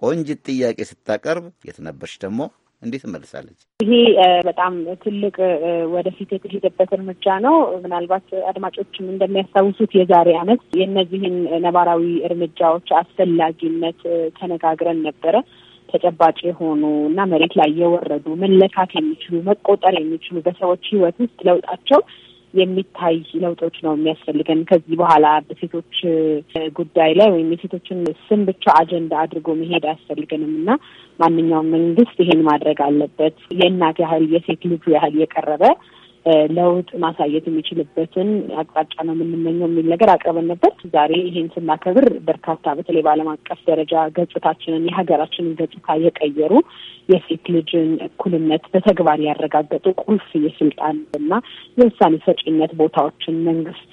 ቆንጅት ጥያቄ ስታቀርብ የትነበርሽ ደግሞ እንዴት ትመልሳለች? ይሄ በጣም ትልቅ ወደፊት የተሄደበት እርምጃ ነው። ምናልባት አድማጮችም እንደሚያስታውሱት የዛሬ ዓመት የእነዚህን ነባራዊ እርምጃዎች አስፈላጊነት ተነጋግረን ነበረ። ተጨባጭ የሆኑ እና መሬት ላይ የወረዱ መለካት የሚችሉ መቆጠር የሚችሉ በሰዎች ሕይወት ውስጥ ለውጣቸው የሚታይ ለውጦች ነው የሚያስፈልገን። ከዚህ በኋላ በሴቶች ጉዳይ ላይ ወይም የሴቶችን ስም ብቻ አጀንዳ አድርጎ መሄድ አያስፈልገንም እና ማንኛውም መንግስት ይሄን ማድረግ አለበት። የእናት ያህል የሴት ልጁ ያህል የቀረበ ለውጥ ማሳየት የሚችልበትን አቅጣጫ ነው የምንመኘው የሚል ነገር አቅርበን ነበር። ዛሬ ይህን ስናከብር በርካታ በተለይ በዓለም አቀፍ ደረጃ ገጽታችንን የሀገራችንን ገጽታ የቀየሩ የሴት ልጅን እኩልነት በተግባር ያረጋገጡ ቁልፍ የስልጣን እና የውሳኔ ሰጪነት ቦታዎችን መንግስት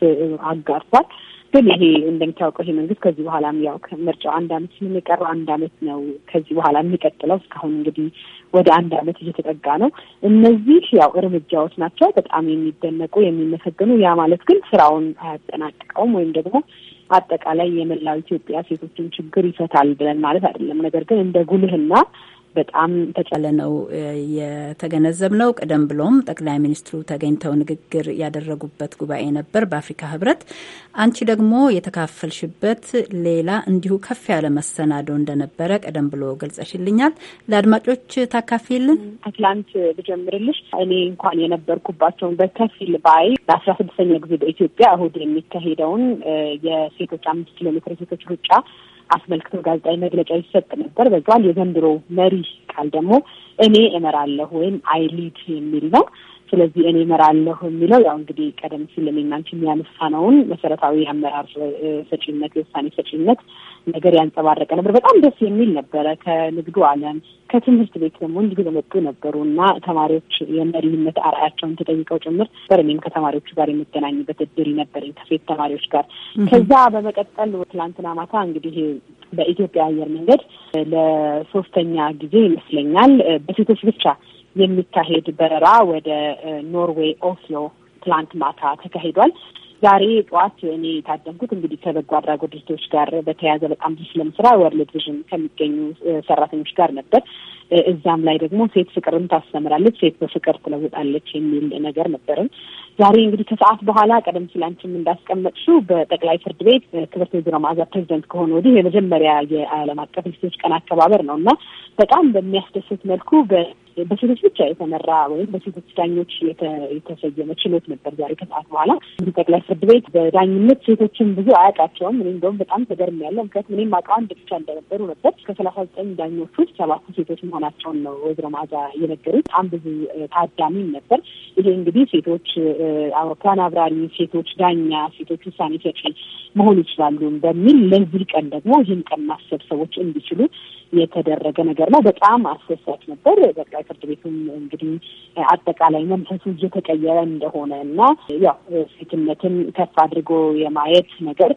አጋርቷል። ግን ይሄ እንደሚታወቀው ይሄ መንግስት ከዚህ በኋላም ያው ከምርጫው አንድ አመት የሚቀረው አንድ አመት ነው ከዚህ በኋላ የሚቀጥለው እስካሁን እንግዲህ ወደ አንድ አመት እየተጠጋ ነው። እነዚህ ያው እርምጃዎች ናቸው በጣም የሚደነቁ የሚመሰገኑ። ያ ማለት ግን ስራውን አያጠናቅቀውም ወይም ደግሞ አጠቃላይ የመላው ኢትዮጵያ ሴቶችን ችግር ይፈታል ብለን ማለት አይደለም። ነገር ግን እንደ ጉልህና በጣም ተጫለ ነው የተገነዘብ ነው። ቀደም ብሎም ጠቅላይ ሚኒስትሩ ተገኝተው ንግግር ያደረጉበት ጉባኤ ነበር በአፍሪካ ህብረት። አንቺ ደግሞ የተካፈልሽበት ሌላ እንዲሁ ከፍ ያለ መሰናዶ እንደነበረ ቀደም ብሎ ገልጸሽልኛል። ለአድማጮች ታካፊልን። አትላንት ብጀምርልሽ እኔ እንኳን የነበርኩባቸውን በከፊል ባይ በአስራ ስድስተኛ ጊዜ በኢትዮጵያ እሁድ የሚካሄደውን የሴቶች አምስት ኪሎ ሜትር ሴቶች ሩጫ አስመልክቶ ጋዜጣዊ መግለጫ ይሰጥ ነበር። በዛል የዘንድሮ መሪ ቃል ደግሞ እኔ እመራለሁ ወይም አይ ሊድ የሚል ነው። ስለዚህ እኔ እመራለሁ የሚለው ያው እንግዲህ ቀደም ሲል ለሚናንች ነውን መሰረታዊ የአመራር ሰጪነት፣ የውሳኔ ሰጪነት ነገር ያንጸባረቀ ነበር። በጣም ደስ የሚል ነበረ። ከንግዱ ዓለም ከትምህርት ቤት ደግሞ እንዲሁ የመጡ ነበሩ እና ተማሪዎች የመሪነት አርአያቸውን ተጠይቀው ጭምር ነበር። እኔም ከተማሪዎቹ ጋር የሚገናኝበት እድል ነበረኝ ከሴት ተማሪዎች ጋር። ከዛ በመቀጠል ትላንትና ማታ እንግዲህ በኢትዮጵያ አየር መንገድ ለሶስተኛ ጊዜ ይመስለኛል በሴቶች ብቻ የሚካሄድ በረራ ወደ ኖርዌይ ኦስሎ ትላንት ማታ ተካሂዷል። ዛሬ ጠዋት እኔ የታደምኩት እንግዲህ ከበጎ አድራጎት ድርጅቶች ጋር በተያያዘ በጣም ብዙ ስለምስራ ወርልድ ቪዥን ከሚገኙ ሰራተኞች ጋር ነበር። እዛም ላይ ደግሞ ሴት ፍቅርን ታስተምራለች፣ ሴት በፍቅር ትለውጣለች የሚል ነገር ነበርን። ዛሬ እንግዲህ ከሰዓት በኋላ ቀደም ሲል አንቺም እንዳስቀመጥሽው በጠቅላይ ፍርድ ቤት ክብርት ወይዘሮ መዓዛ ፕሬዚደንት ከሆነ ወዲህ የመጀመሪያ የዓለም አቀፍ ሴቶች ቀን አከባበር ነው እና በጣም በሚያስደስት መልኩ በሴቶች ብቻ የተመራ ወይም በሴቶች ዳኞች የተሰየመ ችሎት ነበር ዛሬ ከሰዓት በኋላ። ጠቅላይ ፍርድ ቤት በዳኝነት ሴቶችን ብዙ አያውቃቸውም። እኔ እንደውም በጣም ተገርሜያለሁ። ምክንያቱም እኔም አውቀው አንድ ብቻ እንደነበሩ ነበር። ከሰላሳ ዘጠኝ ዳኞች ውስጥ ሰባቱ ሴቶች መሆናቸውን ነው ወይዘሮ ማዛ የነገሩት። በጣም ብዙ ታዳሚም ነበር። ይሄ እንግዲህ ሴቶች አውሮፕላን አብራሪ፣ ሴቶች ዳኛ፣ ሴቶች ውሳኔ ሰጪ መሆን ይችላሉ በሚል ለዚህ ቀን ደግሞ ይህን ቀን ማሰብ ሰዎች እንዲችሉ የተደረገ ነገር ነው። በጣም አስደሳች ነበር። ጠቅላይ ፍርድ ቤቱም እንግዲህ አጠቃላይ መንፈሱ እየተቀየረ እንደሆነ እና ያው ሴትነትን ከፍ አድርጎ የማየት ነገር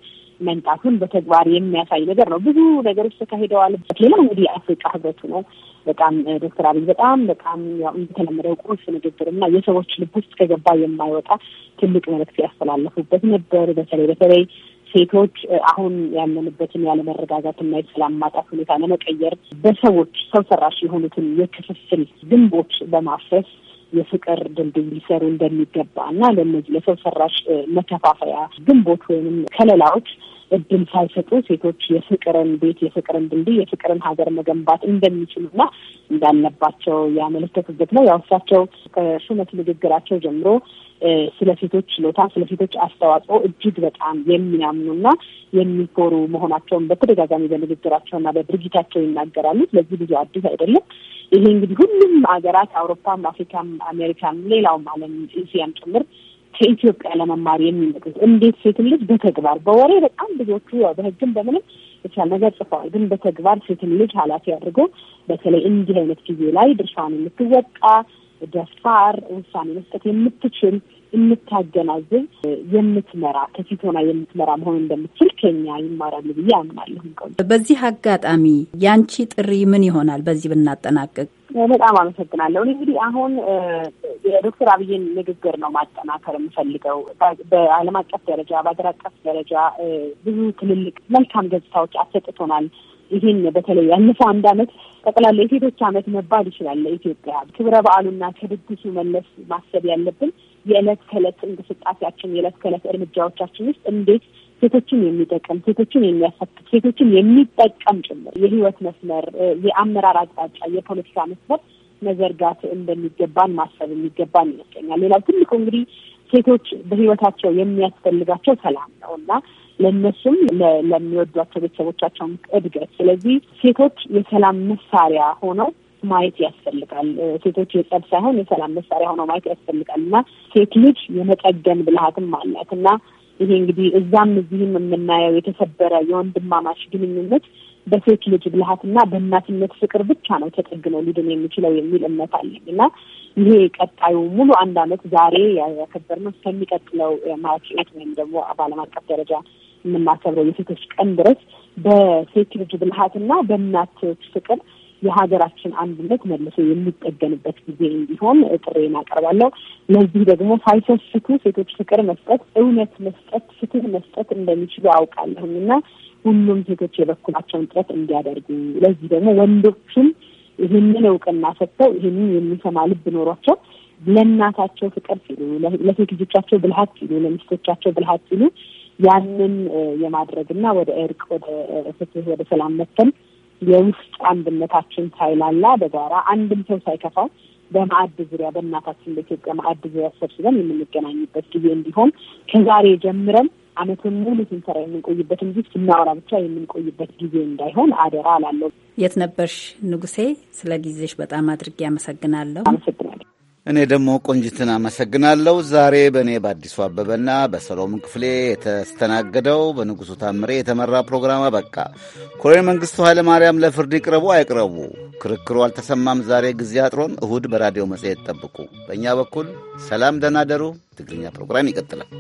መምጣቱን በተግባር የሚያሳይ ነገር ነው። ብዙ ነገሮች ተካሂደዋል። ሌላው እንግዲህ የአፍሪቃ ህብረቱ ነው። በጣም ዶክተር አብይ በጣም በጣም እንደተለመደው ቁልፍ ንግግር እና የሰዎች ልብ ውስጥ ከገባ የማይወጣ ትልቅ መልዕክት ያስተላለፉበት ነበር። በተለይ በተለይ ሴቶች አሁን ያለንበትን ያለመረጋጋትና የሰላም ማጣት ሁኔታ ለመቀየር በሰዎች ሰው ሰራሽ የሆኑትን የክፍፍል ግንቦች በማፍረስ የፍቅር ድልድይ ሊሰሩ እንደሚገባ እና ለነዚህ ለሰው ሰራሽ መከፋፈያ ግንቦች ወይም ከለላዎች እድል ሳይሰጡ ሴቶች የፍቅርን ቤት፣ የፍቅርን ድልድይ፣ የፍቅርን ሀገር መገንባት እንደሚችሉና እንዳለባቸው ያመለከቱበት ነው። ያው እሳቸው ከሹመት ንግግራቸው ጀምሮ ስለ ሴቶች ችሎታ፣ ስለ ሴቶች አስተዋጽኦ እጅግ በጣም የሚያምኑና የሚኮሩ መሆናቸውን በተደጋጋሚ በንግግራቸውና በድርጊታቸው ይናገራሉ። ስለዚህ ብዙ አዲስ አይደለም። ይሄ እንግዲህ ሁሉም ሀገራት አውሮፓም፣ አፍሪካም፣ አሜሪካም ሌላውም ዓለም እስያም ጭምር ከኢትዮጵያ ለመማር የሚመጡት እንዴት ሴት ልጅ በተግባር በወሬ በጣም ብዙዎቹ ያው በህግም በምንም የተሻለ ነገር ጽፈዋል። ግን በተግባር ሴት ልጅ ኃላፊ አድርጎ በተለይ እንዲህ አይነት ጊዜ ላይ ድርሻን የምትወጣ ደፋር ውሳኔ መስጠት የምትችል የምታገናዝብ የምትመራ ከፊት ሆና የምትመራ መሆን እንደምትችል ከኛ ይማራሉ ብዬ አምናለሁ። በዚህ አጋጣሚ ያንቺ ጥሪ ምን ይሆናል? በዚህ ብናጠናቅቅ በጣም አመሰግናለሁ። እንግዲህ አሁን የዶክተር አብይን ንግግር ነው ማጠናከር የምፈልገው። በዓለም አቀፍ ደረጃ በሀገር አቀፍ ደረጃ ብዙ ትልልቅ መልካም ገጽታዎች አሰጥቶናል። ይህን በተለይ ያለፈው አንድ አመት ጠቅላላ የሴቶች አመት መባል ይችላል ለኢትዮጵያ። ክብረ በዓሉና ከድግሱ መለስ ማሰብ ያለብን የዕለት ከዕለት እንቅስቃሴያችን የዕለት ከዕለት እርምጃዎቻችን ውስጥ እንዴት ሴቶችን የሚጠቅም ሴቶችን የሚያሳትፍ ሴቶችን የሚጠቀም ጭምር የህይወት መስመር፣ የአመራር አቅጣጫ፣ የፖለቲካ መስመር መዘርጋት እንደሚገባን ማሰብ የሚገባን ይመስለኛል። ሌላው ትልቁ እንግዲህ ሴቶች በህይወታቸው የሚያስፈልጋቸው ሰላም ነው እና ለእነሱም ለሚወዷቸው ቤተሰቦቻቸውም እድገት። ስለዚህ ሴቶች የሰላም መሳሪያ ሆነው ማየት ያስፈልጋል። ሴቶች የጸብ ሳይሆን የሰላም መሳሪያ ሆነው ማየት ያስፈልጋል እና ሴት ልጅ የመጠገን ብልሃትም አላት እና ይሄ እንግዲህ እዛም እዚህም የምናየው የተሰበረ የወንድማማች ግንኙነት በሴት ልጅ ብልሃትና በእናትነት ፍቅር ብቻ ነው ተጠግኖ ሊድን የሚችለው የሚል እምነት አለኝ እና ይሄ ቀጣዩ ሙሉ አንድ ዓመት ዛሬ ያከበርነው እስከሚቀጥለው ማርች ኤት ወይም ደግሞ በዓለም አቀፍ ደረጃ የምናከብረው የሴቶች ቀን ድረስ በሴት ልጅ ብልሃትና በእናት ፍቅር የሀገራችን አንድነት መልሶ የሚጠገንበት ጊዜ እንዲሆን ጥሬን አቀርባለሁ። ለዚህ ደግሞ ሳይሰስቱ ሴቶች ፍቅር መስጠት፣ እውነት መስጠት፣ ፍትህ መስጠት እንደሚችሉ አውቃለሁም እና ሁሉም ሴቶች የበኩላቸውን ጥረት እንዲያደርጉ ለዚህ ደግሞ ወንዶችም ይህንን እውቅና ሰጥተው ይህንን የሚሰማ ልብ ኖሯቸው ለእናታቸው ፍቅር ሲሉ፣ ለሴት ልጆቻቸው ብልሀት ሲሉ፣ ለሚስቶቻቸው ብልሀት ሲሉ ያንን የማድረግና ወደ እርቅ፣ ወደ ፍትህ፣ ወደ ሰላም መተን የውስጥ አንድነታችን ሳይላላ በጋራ አንድም ሰው ሳይከፋው በማዕድ ዙሪያ በእናታችን በኢትዮጵያ ማዕድ ዙሪያ ሰብስበን የምንገናኝበት ጊዜ እንዲሆን ከዛሬ ጀምረን አመቱን ሙሉ ስንሰራ የምንቆይበት እንጂ ስናወራ ብቻ የምንቆይበት ጊዜ እንዳይሆን አደራ አላለሁ። የት ነበርሽ ንጉሴ? ስለ ጊዜሽ በጣም አድርጌ አመሰግናለሁ። አመሰግናለሁ። እኔ ደግሞ ቆንጅትን አመሰግናለሁ። ዛሬ በእኔ በአዲሱ አበበና በሰሎሞን ክፍሌ የተስተናገደው በንጉሡ ታምሬ የተመራ ፕሮግራም አበቃ። ኮሎኔል መንግሥቱ ኃይለማርያም ለፍርድ ይቅረቡ አይቅረቡ ክርክሩ አልተሰማም። ዛሬ ጊዜ አጥሮን እሁድ በራዲዮ መጽሔት ጠብቁ። በእኛ በኩል ሰላም፣ ደህና ደሩ። ትግርኛ ፕሮግራም ይቀጥላል።